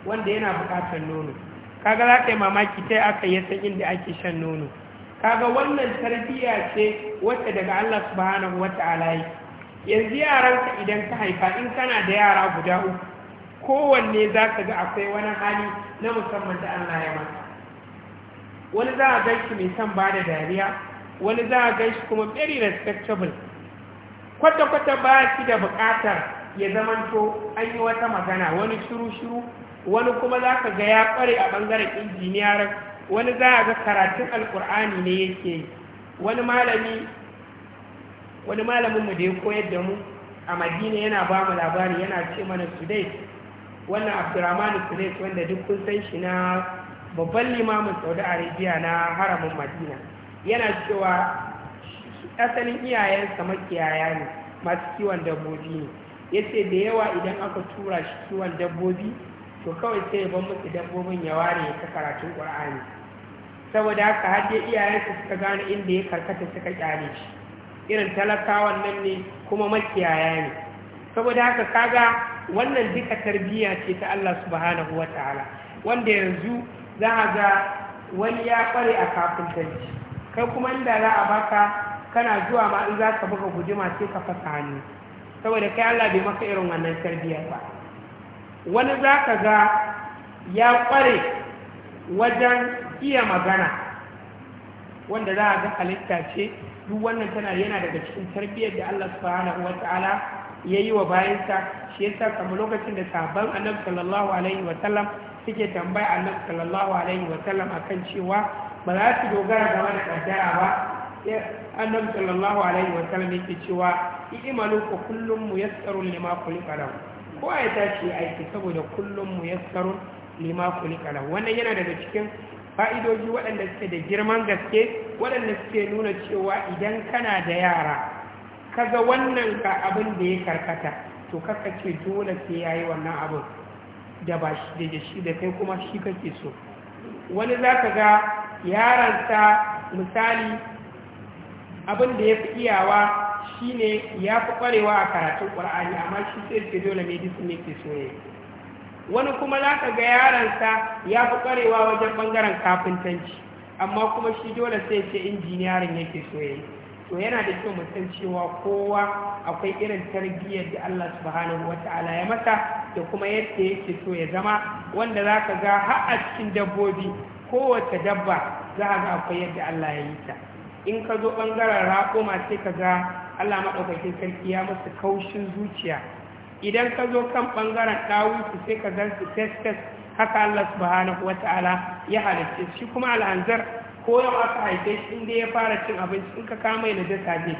wanda yana buƙatar nono kaga za ka yi mamaki sai aka yi san inda ake shan nono kaga wannan tarbiyya ce wacce daga Allah subhanahu ta'ala yi yanzu yaranka idan ka haifa in kana da yara guda uku kowanne za ka ga akwai wani hali na musamman da Allah ya masa wani za a gan mai son ba da dariya wani za a gan kuma very respectable kwata-kwata ba shi da bukatar ya zamanto an yi wata magana wani shiru-shiru wani kuma za ka ga ya kware a ɓangaren injiniyar wani za a ga karatun alƙur'ani ne yake yi wani malami wani malaminmu da ya koyar da mu a madina yana ba mu labari yana ce mana sudai wannan abdurrahmanu sudai wanda duk kun san shi na babban limamin saudi arabia na haramin madina yana cewa asalin iyayensa makiyaya ne masu kiwon dabbobi ne ya ce da yawa idan aka tura shi kiwon dabbobi to kawai sai ya ban musu dabbobin ya ware ya ta karatun ƙur'ani saboda haka har dai iyayensa suka gane inda ya karkata suka kyale shi irin talakawan nan ne kuma makiyaya ne saboda haka kaga wannan duka tarbiyya ce ta Allah subhanahu wataala wanda yanzu za a ga wani ya kware a kafintanci kai kuma inda za a baka kana zuwa ma in za ka buga guduma sai ka fasa hannu saboda kai Allah bai maka irin wannan tarbiyyar ba wani za ka ga ya kware wajen iya magana wanda za a ga halitta ce duk wannan tana yana daga cikin tarbiyyar da Allah subhanahu wata'ala ya yi wa bayansa shi yasa kamar lokacin da sabon annabi sallallahu alaihi wa sallam suke tambaya annabi sallallahu alaihi wasallam akan cewa ba za su dogara ga wani kaddara ba annabi sallallahu alaihi wasallam yake cewa i'malu fa kullum muyassaru lima khuliqa lahu ko ai ta ce aiki saboda kullum muyassaru lima khuliqa lahu wannan yana daga cikin fa'idoji waɗanda suke da girman gaske waɗanda suke nuna cewa idan kana da yara kaga wannan ka abin da ya karkata to kaka ce dole sai yayi wannan abin da ba shi da shi da kai kuma shi kake so wani za ka ga yaransa misali abin da ya fi iyawa shi ne ya fi kwarewa a karatun ƙwar'ani amma shi sai ke dole medicine yake so ne wani kuma za ka ga yaransa ya fi kwarewa wajen ɓangaren kafintanci amma kuma shi dole sai ce injiniyarin yake so ya to yana da kyau mutum cewa kowa akwai irin tarbiyyar da Allah subhanahu ta'ala ya mata, da kuma yadda yake so ya zama wanda za ka ga har a cikin dabbobi kowace dabba za a ga akwai yadda Allah ya yi ta in ka zo ɓangaren raƙoma, sai ka ga Allah maɗaukakin sarki ya masu kaushin zuciya idan ka zo kan ɓangaren ɗawusu sai ka gan su testes haka Allah subhanahu ta'ala ya halitta shi kuma al'anzar ko yau aka haife shi inda ya fara cin abinci in ka kama yana jasa zai ci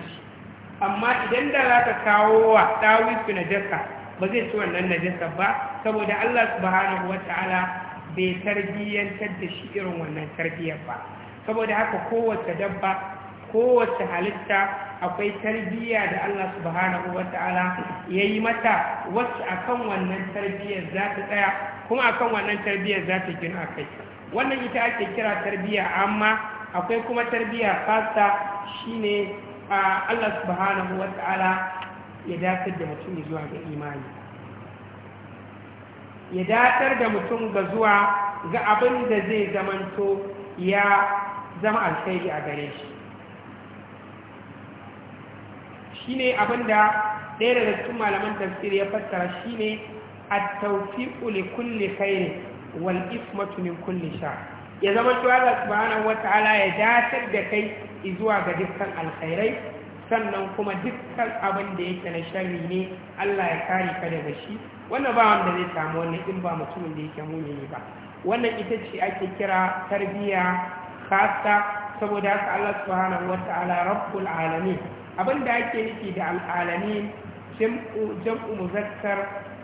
amma idan da za ka kawo wa ɗawisu na jasa ba zai ci wannan na jasa ba saboda Allah subhanahu wata'ala bai tarbiyyantar da shi irin wannan tarbiyyar ba saboda haka kowace dabba kowace halitta akwai tarbiyya da Allah subhanahu wata'ala ya yi mata wacce akan wannan tarbiyyar za ta tsaya kuma akan wannan tarbiyyar za ta gina a kai wannan ita ake kira tarbiyya amma akwai kuma tarbiyya fasta shine Allah subhanahu wata'ala ya datar da mutum zuwa ga imani ya datar da mutum ga zuwa ga abin da zai zamanto ya zama alkhairi a gare shi shine abin da ɗaya da malaman tafsir ya fassara shine a taufi li kulli ne. wal ismatu min kulli sha ya zama to Allah subhanahu wataala ya datar da kai zuwa ga dukkan alkhairai sannan kuma dukkan abin da yake na shari ne Allah ya kare ka daga shi wannan ba wanda zai samu wannan in ba mutumin da yake mumini ba wannan ita ce ake kira tarbiyya khassa saboda haka Allah subhanahu wata'ala rabbul alamin abinda ake nufi da al'alamin jam'u muzakkar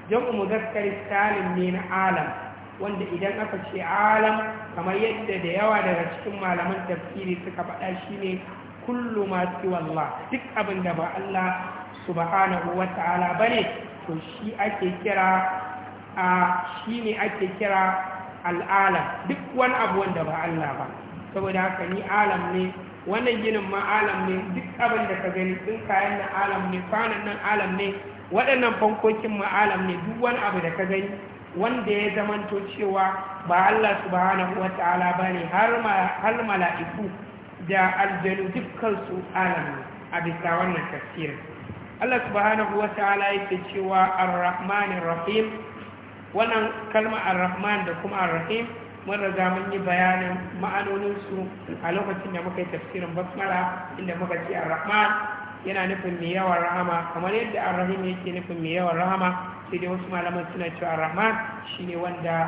jam'u muzakkar salim ne na alam wanda idan aka ce alam kamar yadda da yawa daga cikin malaman tafsiri suka faɗa ne kullu ma wallah duk abin da ba Allah subhanahu ba bane to shi ake kira a ne ake kira al'alam duk wani abu wanda ba Allah ba saboda haka ni alam ne wannan ginin ma alam ne duk abin da ka gani din kayan nan alam ne kwanan nan alam ne waɗannan fankokin ma alam ne duk wani abu da ka gani wanda ya zamanto cewa ba Allah subhanahu wa ta'ala ba ne har mala'iku da aljanu dukkansu alamu a bisa wannan tafsirin Allah subhanahu wa ta'ala yake cewa ar rahim wannan kalma ar-rahman da kuma ar-rahim mun riga mun yi bayanin ma'anoninsu a lokacin da muka yi tafsirin basmala inda muka ce ar-rahman yana nufin mai yawan rahama kamar yadda ar-rahim yake nufin mai yawan rahama sai dai wasu malaman suna cewa rahman shine wanda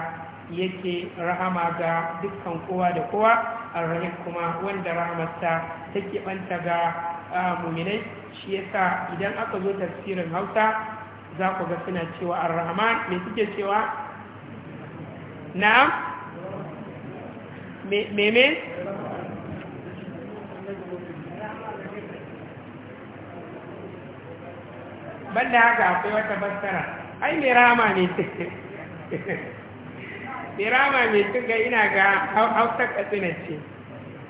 yake rahama ga dukkan kowa da kowa arrahim kuma wanda rahamarsa take banta ga muminai shi yasa idan aka zo tafsirin hausa za ku ga suna cewa arrahman mai suke cewa na meme banda haka akwai wata fassara ai mai rama ne mai rama ne tun ga ina ga hausa katsina ce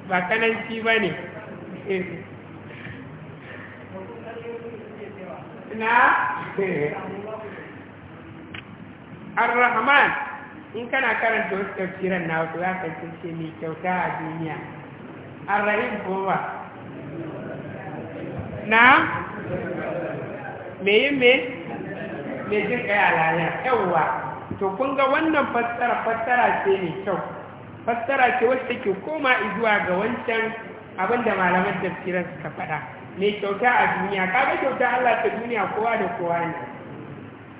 ba kananci ba ne na arrahman rahman in kana karanta wasu tafsiran na wasu za ka ce mai kyauta a duniya arrahim rahim kuma na me yi me mai jin kai a yawwa to kun ga wannan fassara fassara ce mai kyau fassara ce wacce ke koma zuwa ga wancan abin da malaman tafsirar suka faɗa mai kyauta a duniya Ka ga kyauta Allah ta duniya kowa da kowa ne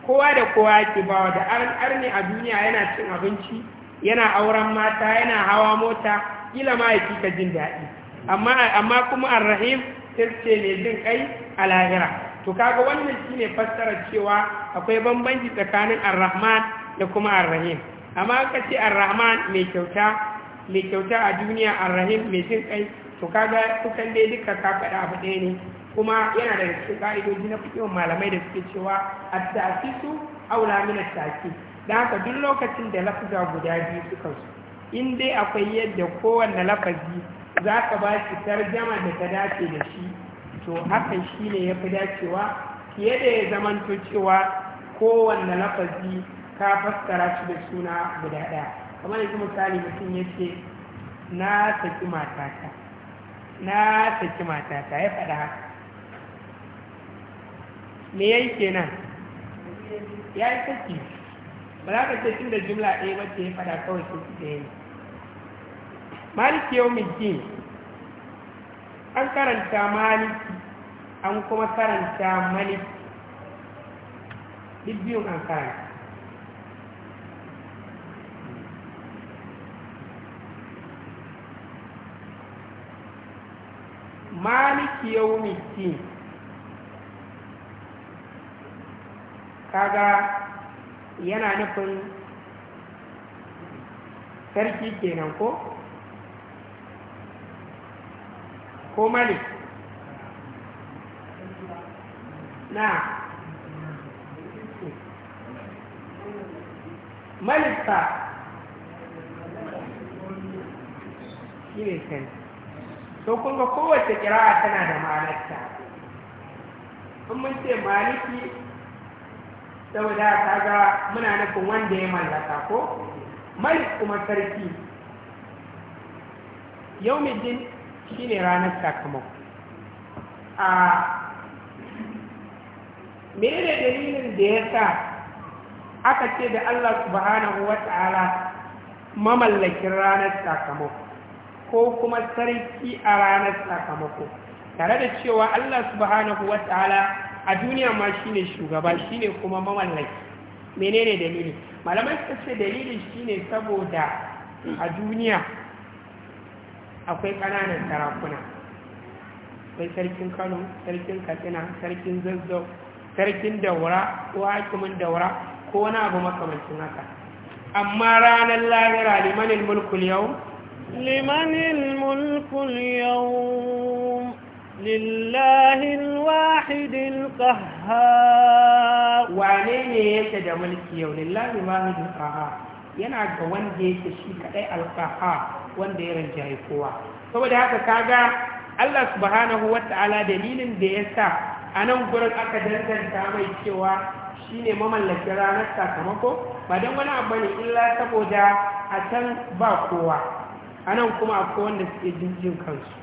kowa da kowa ke bawa da arni a duniya yana cin abinci yana auren mata yana hawa mota kila ma ka jin daɗi amma kuma arrahim sai ce mai jin kai a lahira to kaga wannan shine fassarar cewa akwai bambanci tsakanin ar-rahman da kuma ar-rahim amma ka ce ar-rahman mai kyauta mai kyauta a duniya ar-rahim mai jin kai to kaga kusan dai duka ka faɗa abu ɗaya ne kuma yana da cikin ka'idoji na fiƙin malamai da suke cewa at-ta'sisu aula min at-ta'sis dan haka duk lokacin da lafaza guda biyu suka zo in dai akwai yadda kowanne lafazi za ka ba shi tarjama da ta dace da shi to hakan shine ya fi dacewa fiye da ya zamanto cewa kowanne lafazi ka fassara shi da suna guda ɗaya kamar yanzu misali mutum ya ce na saki matata na saki matata ya faɗa haka me ya yi kenan ya yi saki ba za ka ce tun da jumla ɗaya ba ce ya faɗa kawai saki ɗaya ne maliki yau mai an karanta maliki an kuma karanta maliki duk biyun an karanta maliki yawmiddin kaga yana nufin sarki kenan ko ko malik na malik ta shi ne kan to kun ga kowace kira'a tana da ma'anarta in mun ce maliki saboda ta ga muna nufin wanda ya mallaka ko malik kuma sarki yau mai shine ranar sakamako a mene dalilin da ya sa aka ce da Allah subhanahu wa ta'ala mamallakin ranar sakamako ko kuma sarki a ranar sakamako tare da cewa Allah subhanahu wa ta'ala a duniya ma shine shugaba shine kuma mamallaki menene dalili malamai suka ce shi shine saboda a duniya akwai ƙananan sarakuna akwai sarkin kano sarkin katsina sarkin zazzau sarkin daura ko hakimin daura ko wani abu makamancin haka amma ranar lahira limanin mulkul yau limanin mulkul yau lillahin wahidin ƙaha wane ne yake da mulki yau lillahi wahidin ƙaha yana ga wanda yake shi kaɗai alƙaha wanda ya rinjaye kowa saboda haka kaga Allah subhanahu wata'ala dalilin da ya sa a nan gurin aka danganta mai cewa shine mamallakin ranar sakamako ba don wani abu ne illa saboda a can ba kowa a nan kuma akwai wanda suke jinjin kansu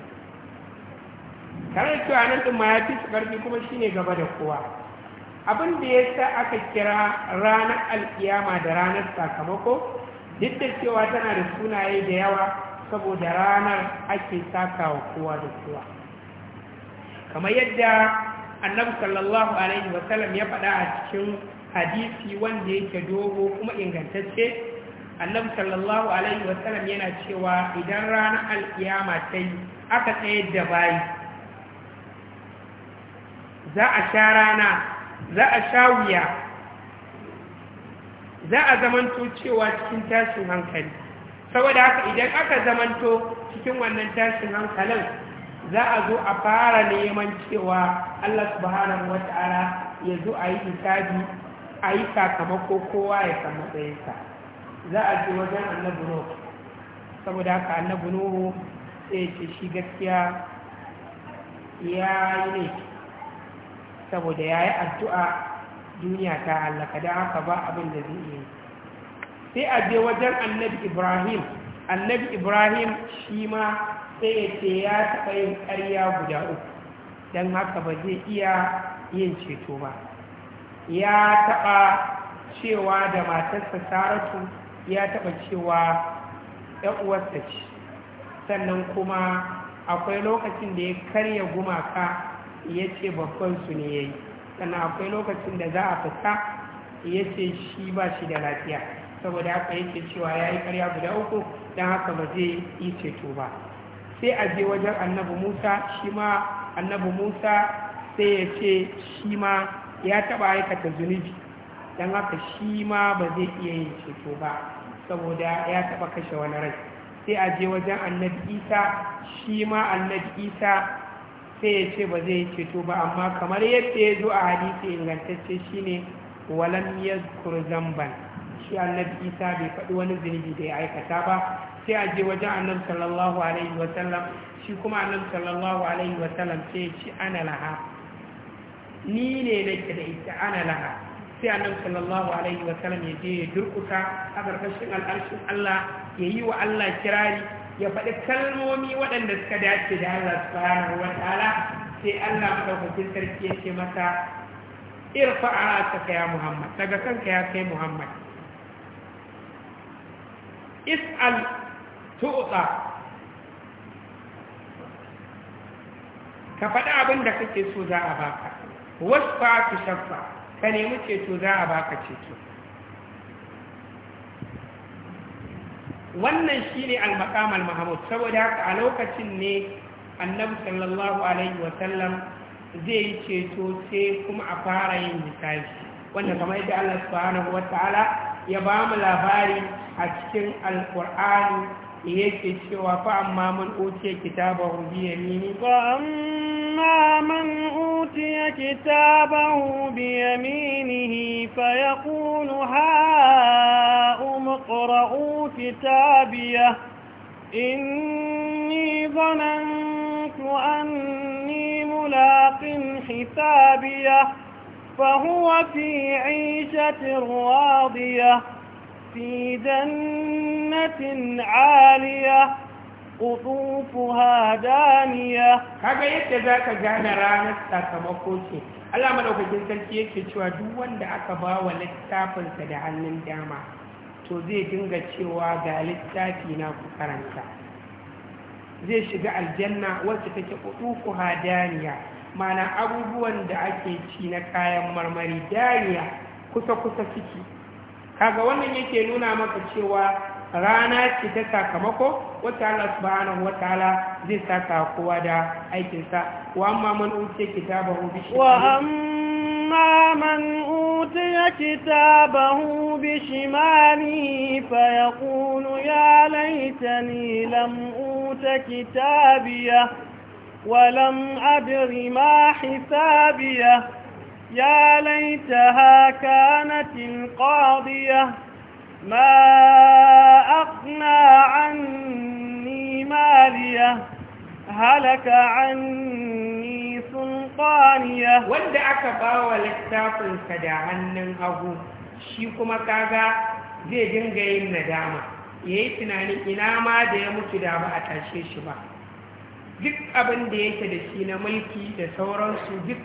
tare da a nan ɗin ma ya fi su ƙarfi kuma shine gaba da kowa abin da ya sa aka kira ranar alkiyama da ranar sakamako duk da cewa tana da sunaye da yawa saboda ranar ake sakawa kowa da kowa kamar yadda annabi sallallahu alaihi wasallam ya faɗa a cikin hadisi wanda yake dogo kuma ingantacce annabi sallallahu alaihi wasallam yana cewa idan ranar alkiyama ta yi aka tsayar da bayi za a sha rana za a sha wuya za a zamanto cewa cikin tashin hankali saboda haka idan aka zamanto cikin wannan tashin hankalin za a zo a fara neman cewa Allah subhanahu wata'ala ya zo a yi hisabi a yi sakamako kowa ya san matsayinsa za a je wajen annabi nuhu saboda haka annabi nuhu sai ce shi gaskiya ya yi ne saboda ya yi addu'a duniya ta halaka da haka ba abin da zai yi sai a je wajen annabi ibrahim annabi ibrahim shi ma sai ya ce ya taɓa yin ƙarya guda uku don haka ba zai iya yin ceto ba ya taɓa cewa da matarsa saratu ya taɓa cewa uwarsa ce sannan kuma akwai lokacin da ya karya gumaka ya ce babban su ne ya yi sannan akwai lokacin da za a fita ya ce shi ba shi da lafiya saboda haka yake cewa ya yi karya guda uku don haka ba zai yi ceto ba sai a je wajen annabi musa shi ma annabu musa sai ya ce shi ma ya taɓa aikata zunubi don haka shi ma ba zai iya yin ceto ba saboda ya taba kashe wani rai sai a je wajen annabi isa shi ma annabi isa sai ya ce ba zai yi ceto ba amma kamar yadda ya zo a hadisi ingantacce shine walam yazkur zamban shi annabi isa bai faɗi wani zunubi da ya aikata ba sai a je wajen annabi sallallahu alaihi wa sallam shi kuma annabi sallallahu alaihi wa sallam sai ya ce ana laha ni ne na ke da ita ana laha sai annabi sallallahu alaihi wa sallam ya je ya durkusa a ƙarƙashin al'arshin Allah ya yi wa Allah kirari ya faɗi kalmomi waɗanda suka dace da Allah subhanahu wa ta'ala sai Allah madaukakin sarki ya ce masa irfa a rasaka ya Muhammad daga kanka ya kai Muhammad is'al tu'ta ka faɗi abin da kake so za a baka wasfa tu shafa ka nemi ceto za a baka ceto wannan shine al-maqam al-mahmud saboda haka a lokacin ne annabi sallallahu alaihi wa sallam zai yi ceto sai kuma a fara yin hisabi wanda kamar yadda Allah subhanahu ya ba mu labari a cikin Al-Qur'ani. yake cewa fa amma man utiya kitabahu bi yamini fa amma man utiya kitabahu bi yaminihi fa yaqulu ha umqra'u kitabiyah inni dhanantu anni mulaqin hisabiyah fa huwa fi 'ishatin radiyah في جنة عالية قطوفها دانية kaga yadda zaka gane ranar sakamako ce Allah madaukakin sarki yake cewa duk wanda aka ba wa littafinsa da hannun dama to zai dinga cewa ga littafi na ku karanta zai shiga aljanna wacce take kuduku hadaniya mana abubuwan da ake ci na kayan marmari daniya kusa kusa ciki kaga wannan yake nuna maka cewa rana ce ta sakamako wata Allah subhanahu wataala zai saka kowa da aikinsa wa amma man utiya kitabahu bi wa amma man utiya kitabahu bi shimali fa yaqulu ya laitani lam uta kitabiyah ولم أدر ما hisabiya. يا ليتها كانت القاضية ما أقنى عني مالية هلك عني سلطانية wanda aka bawa littafin da hannun hagu shi kuma kaga zai dinga yin nadama yayi tunanin ina ma da ya mutu da ba a tashe shi ba duk abinda da yake da shi na mulki da sauransu duk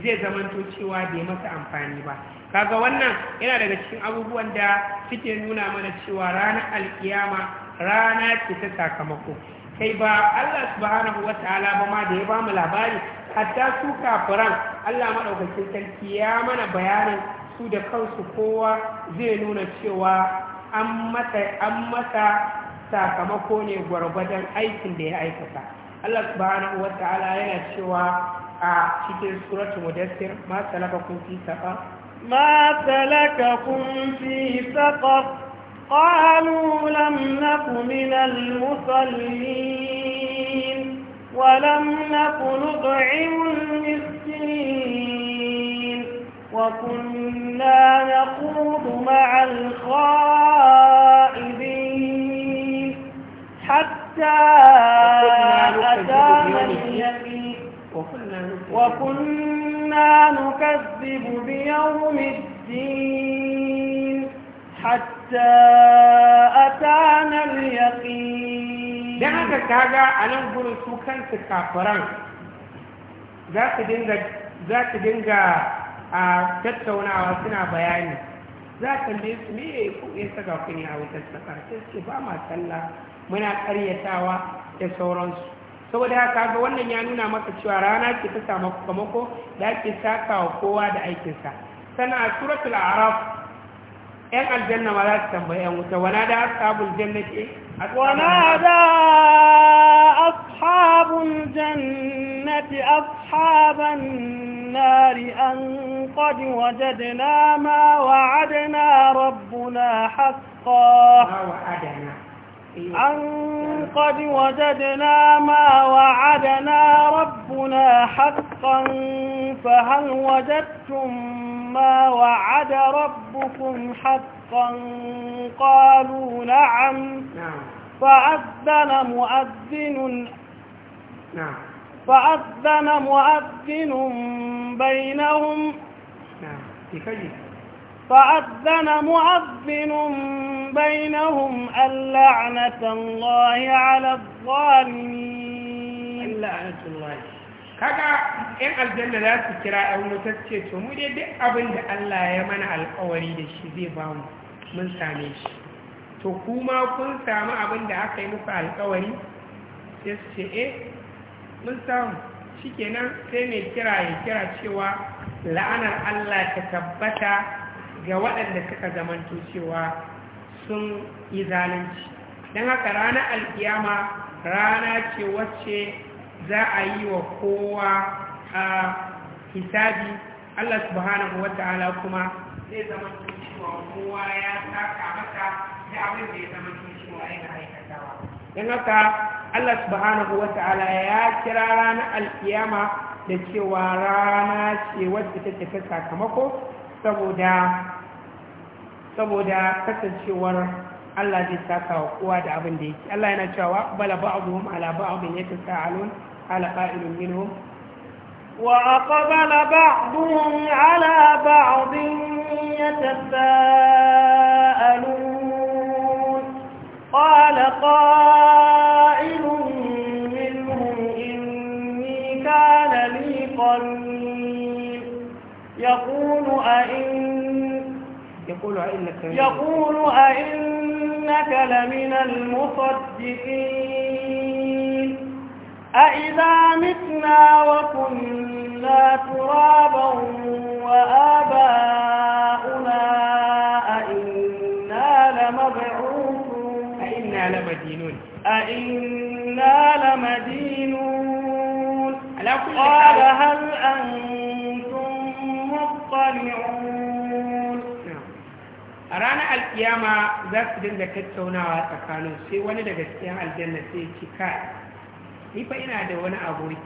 zai zamanto cewa bai masa amfani ba kaga wannan yana daga cikin abubuwan da suke nuna mana cewa ranar alkiyama rana ce ta sakamako kai ba Allah subhanahu wataala ba ma da ya ba mu labari hatta su kafiran Allah madaukakin sarki ya mana bayanin su da kansu kowa zai nuna cewa an masa sakamako ne gwargwadon aikin da ya aikata Allah subhanahu wa ta'ala yana cewa a cikin suratul mudaththir ma salakakum fi saqar ma salakakum fi saqar qalu lam naku min al-musallin wa lam naku nut'imu al-miskin wa kunna naqudu ma'a al hatta حتى أتانا وكنا نكذب بيوم الدين حتى أتانا اليقين da haka kaga a nan gurin su kansu kafiran za su dinga a tattaunawa suna bayani za ka ne su ne ya yi a tsakar ba ma talla. muna karyatawa da sauransu saboda haka ga wannan ya nuna maka cewa rana ce ta samu kamako da ake saka wa kowa da aikinsa sana a suratul araf yan aljanna ma za su tambayi yan wuta wana da ashabul jannati wana da ashabul jannati ashaban النار أن قد وجدنا ما وعدنا ربنا حقا ما وعدنا أن قد وجدنا ما وعدنا ربنا حقا فهل وجدتم ما وعد ربكم حقا قالوا نعم, نعم. فأذن مؤذن نعم فأذن مؤذن بينهم نعم في فأذن مؤذن بينهم اللعنة الله على الظالمين اللعنة الله kaga in aljanna za su kira ɗan wutar ce to mu dai duk abin da Allah ya mana alkawari da shi zai ba mu mun same shi to kuma kun samu abin da aka yi musu alkawari sai ce eh mun samu shikenan sai mai kira ya kira cewa la'anar Allah ta tabbata ga waɗanda suka zamanto cewa sun yi zalunci don haka ranar alkiyama rana ce wacce za a yi wa kowa a hisabi allah subhanahu wa ta'ala kuma zai zamanto cewa kowa ya saka masa da abin da ya zamanto cewa yana aikatawa don haka allah subhanahu wa ta'ala ya kira ranar alkiyama da cewa rana ce wacce take ta sakamako saboda kasancewar Allah zai saka wa kowa da abin da yake Allah yana cewa bala ba'dhum ala ba'dhin yatasaalun ala qa'ilun minhum wa aqbala ba'dhum ala ba'dhin yatasaalun qala qala يقول أئن يقول أئنك يقول أئنك لمن المصدقين أإذا متنا وكنا ترابا وآباؤنا أئنا لمبعوثون أئنا لمدينون أئنا لمدينون قال هل أنت a ranar alkiyama za su dinga tattaunawa tsakanin sai wani daga cikin aljanna sai ci kai ina da wani aboki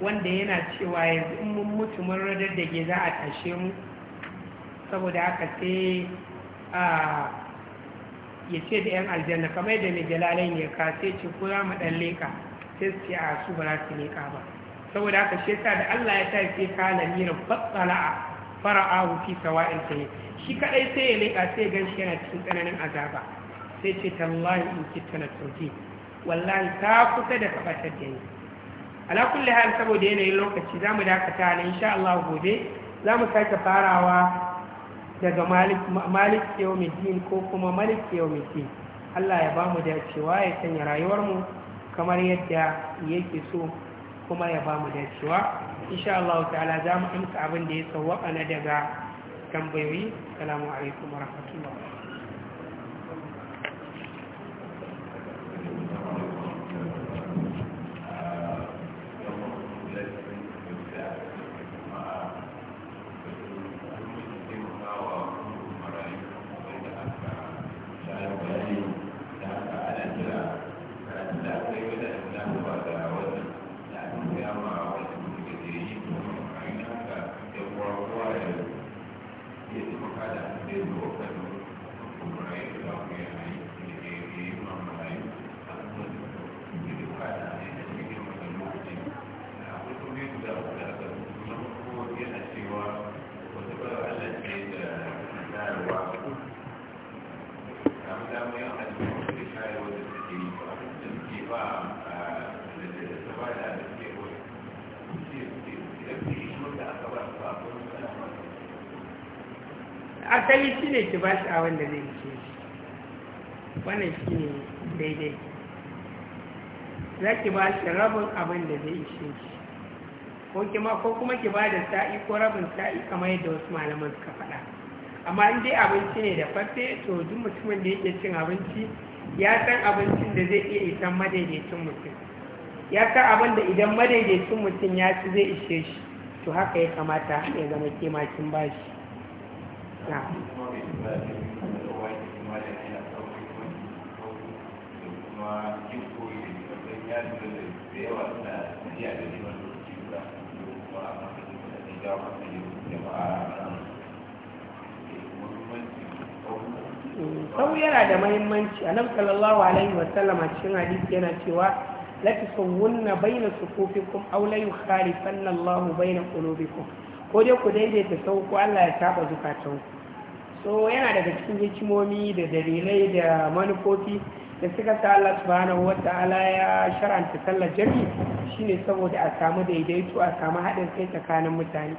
wanda yana cewa yanzu in mun mutu mun radar da ke za a tashe mu saboda haka sai a ya ce da 'yan aljanna kamar da mai jalalai ne ka sai ce ko za mu ɗan leƙa sai su ce a su ba za su leƙa ba saboda haka shi yasa da Allah ya tafi sai ka lamirin fatsala'a fara'ahu fi sawa'il kayi shi kadai sai ya leka sai gan shi yana cikin tsananin azaba sai ce tallahi in kitta na wallahi ka kusa da kabatar da ni ala kulli hal saboda yanayin lokaci zamu dakata ne insha Allah gobe zamu sake farawa daga malik malik yawmiddin ko kuma malik yawmiddin Allah ya bamu da cewa ya sanya rayuwar mu kamar yadda yake so kuma ya ba mu dacewa insha Allah ta'ala za mu amsa abin da ya sawwaka na daga tambayoyi salamu alaikum wa rahmatullah ba shi a wanda zai ishe shi wannan shi ne daidai za ki ba shi rabin abin da zai ishe shi ko kima ko kuma ki ba da sa'i ko rabin sa'i kamar yadda wasu malaman suka faɗa amma in dai abinci ne da fafe to duk mutumin da yake cin abinci ya san abincin da zai iya isan madaidaicin mutum ya san abin da idan madaidaicin mutum ya ci zai ishe shi to haka ya kamata ya zama kemakin bashi sau yana da mahimmanci a nan sallallahu alaihi wasallama cikin hadisi yana cewa la tusawwunna baina sufufikum aw la yukhalifanna Allahu baina qulubikum ko dai ku daidaita sau ko Allah ya saba zukatan so yana daga cikin hikimomi da dalilai da manufofi da suka sa Allah subhanahu wata'ala ya shar'anta sallar jami'i shine saboda a samu daidaito a samu haɗin kai tsakanin mutane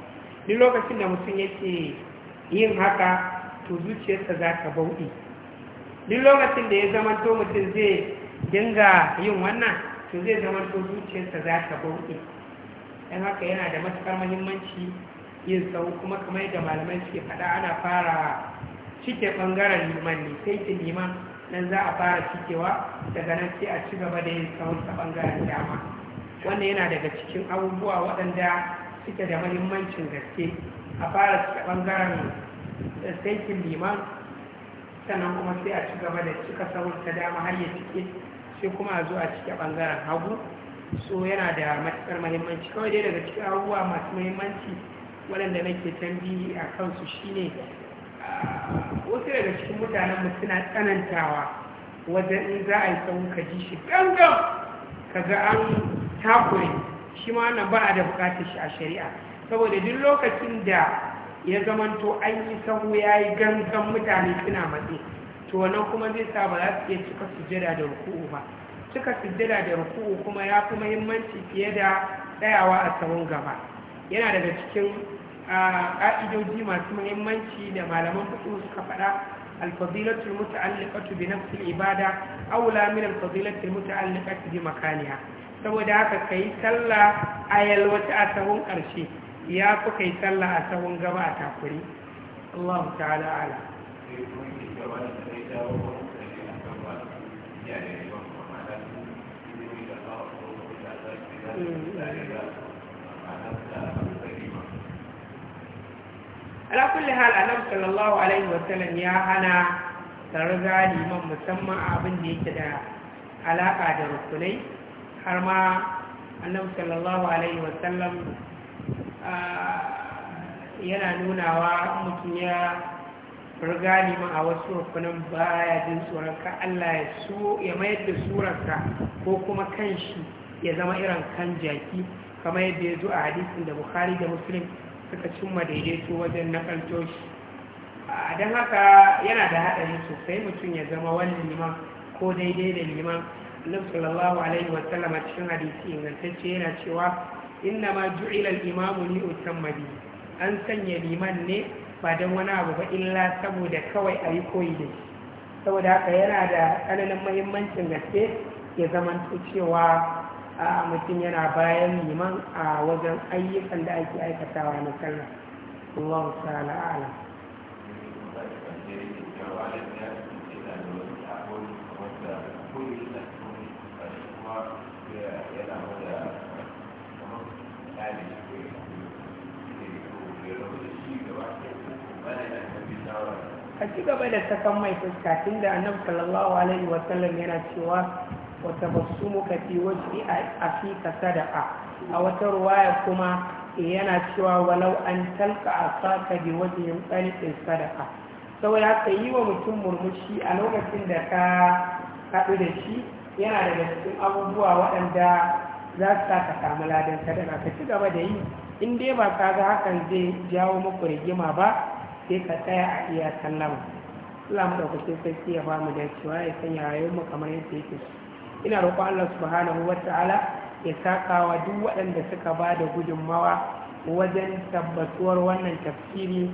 duk lokacin da mutum yake yin haka to zuciyarsa za ta bauɗi duk lokacin da ya to mutum zai dinga yin wannan to zai to zuciyarsa za ta bauɗi don haka yana da matuƙar muhimmanci yin sau kuma kamar yadda malamai suke faɗa ana fara cike ɓangaren liman ne sai ki liman nan za a fara cikewa daga nan sai a ci gaba da yin sau ta ɓangaren dama wannan yana daga cikin abubuwa waɗanda suke da mahimmancin gaske a fara cike ɓangaren eh, saikin liman sannan kuma sai a ci gaba da cika sau ta dama har ya cike sai kuma a zo a cike ɓangaren hagu so yana da matuƙar mahimmanci kawai dai daga cikin abubuwa masu mahimmanci waɗanda nake canji a kansu shine ah, wasu daga cikin mutanenmu suna tsanantawa wajen in za a yi tsawon ka ji shi gangan ka ga an takure shi ma wannan ba a da bukatar shi a shari'a saboda duk lokacin da ya zamanto an yi sahu ya yi gangan mutane suna matse to wannan kuma zai sa ba za su iya cika sujjada da ruku'u ba cika sujjada da ruku'u kuma ya fi muhimmanci fiye da tsayawa a tsawon gaba yana daga cikin ƙa'idoji masu muhimmanci da malaman fiƙi suka faɗa alfazilatul muta'alliqatu bi nafsil ibada aula min alfazilatul muta'alliqatu bi makaniha saboda haka kai sallah a yalwata a sahun ƙarshe ya fi kai sallah a sahun gaba a takuri Allahu ta'ala ala Mm-hmm. ala kulli hal anam sallallahu alaihi wa sallam ya hana targa liman musamman abin da yake da alaka da rukunai har ma annabi sallallahu alaihi wa sallam yana nunawa mutum ya riga liman a wasu rukunan baya jin tsoron Allah ya so ya mayar da surarka ko kuma kanshi ya zama irin kan jaki kamar yadda ya zo a hadisin da Bukhari da Muslim suka cimma daidaito wajen nakalto shi don haka yana da haɗari sosai mutum ya zama wani liman ko daidai da liman annabi alaihi wa cikin hadisi ingantacce yana cewa inna ma ju'ilar al-imamu an sanya liman ne ba don wani abu ba illa saboda kawai a yi koyi da saboda haka yana da tsananin muhimmancin gaske ya zama cewa a mutum yana bayan liman a wajen ayyukan da ake aikatawa na sallah Allah ta'ala ala a ci gaba da sakan mai fuska tun da annabi sallallahu alaihi wasallam yana cewa wata basu muka fi wasu a fi a wata ruwaya kuma yana cewa walau an talka a bi wajen tsanikin sada'a saboda haka yi wa mutum murmushi a lokacin da ka haɗu da shi yana daga cikin abubuwa waɗanda za su sa ka samu ladan sadaka ka ci gaba da yi in dai ba ka ga hakan zai jawo muku rigima ba sai ka tsaya a iya sallama Allah mu ɗaukake sarki ya ba mu dacewa ya sanya rayuwar mu kamar yadda yake so ina roƙon Allah subhanahu wa ta'ala ya sakawa duk waɗanda suka ba da gudunmawa wajen tabbatuwar wannan tafsiri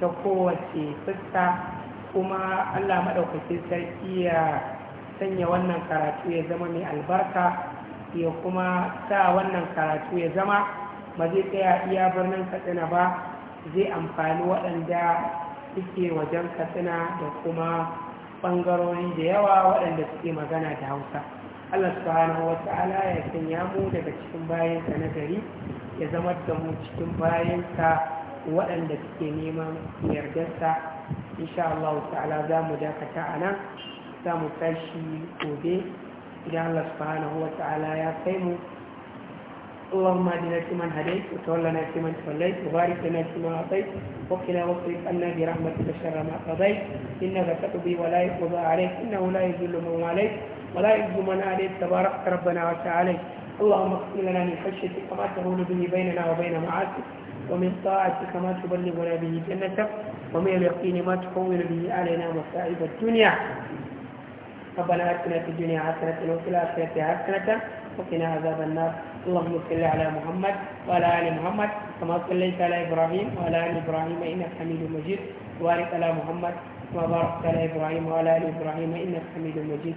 ta kowace fuska kuma Allah maɗaukacin sarki ya sanya wannan karatu ya zama mai albarka ya kuma sa wannan karatu ya zama ba zai tsaya iya birnin katsina ba zai amfani waɗanda suke wajen katsina da kuma ɓangarori da yawa waɗanda suke magana da hausa Allah subhanahu wa ta'ala ya sanya mu daga cikin bayansa na gari ya zama da mu cikin bayansa waɗanda suke neman yardarsa insha Allah ta'ala za mu dakata a nan za mu tashi gobe idan Allah subhanahu wa ta'ala ya kai mu اللهم اهدنا فيمن هديت وتولنا فيمن توليت وبارك لنا فيما اعطيت وقنا واصرف عنا برحمتك شر ما قضيت انك تقضي ولا يقضى عليك انه لا يذل من واليت ولا يجد من عليه تبارك ربنا وتعالى اللهم اغفر لنا من خشيتك ما تهون به بيننا وبين معاصيك ومن طاعتك ما تبلغنا به جنتك ومن اليقين ما تكون به علينا مصائب الدنيا ربنا اتنا في الدنيا حسنه وفي الاخره حسنه وقنا عذاب النار اللهم صل على محمد وعلى ال محمد كما صليت على ابراهيم وعلى ال ابراهيم انك حميد مجيد وبارك على محمد وبارك على ابراهيم وعلى ال ابراهيم انك حميد مجيد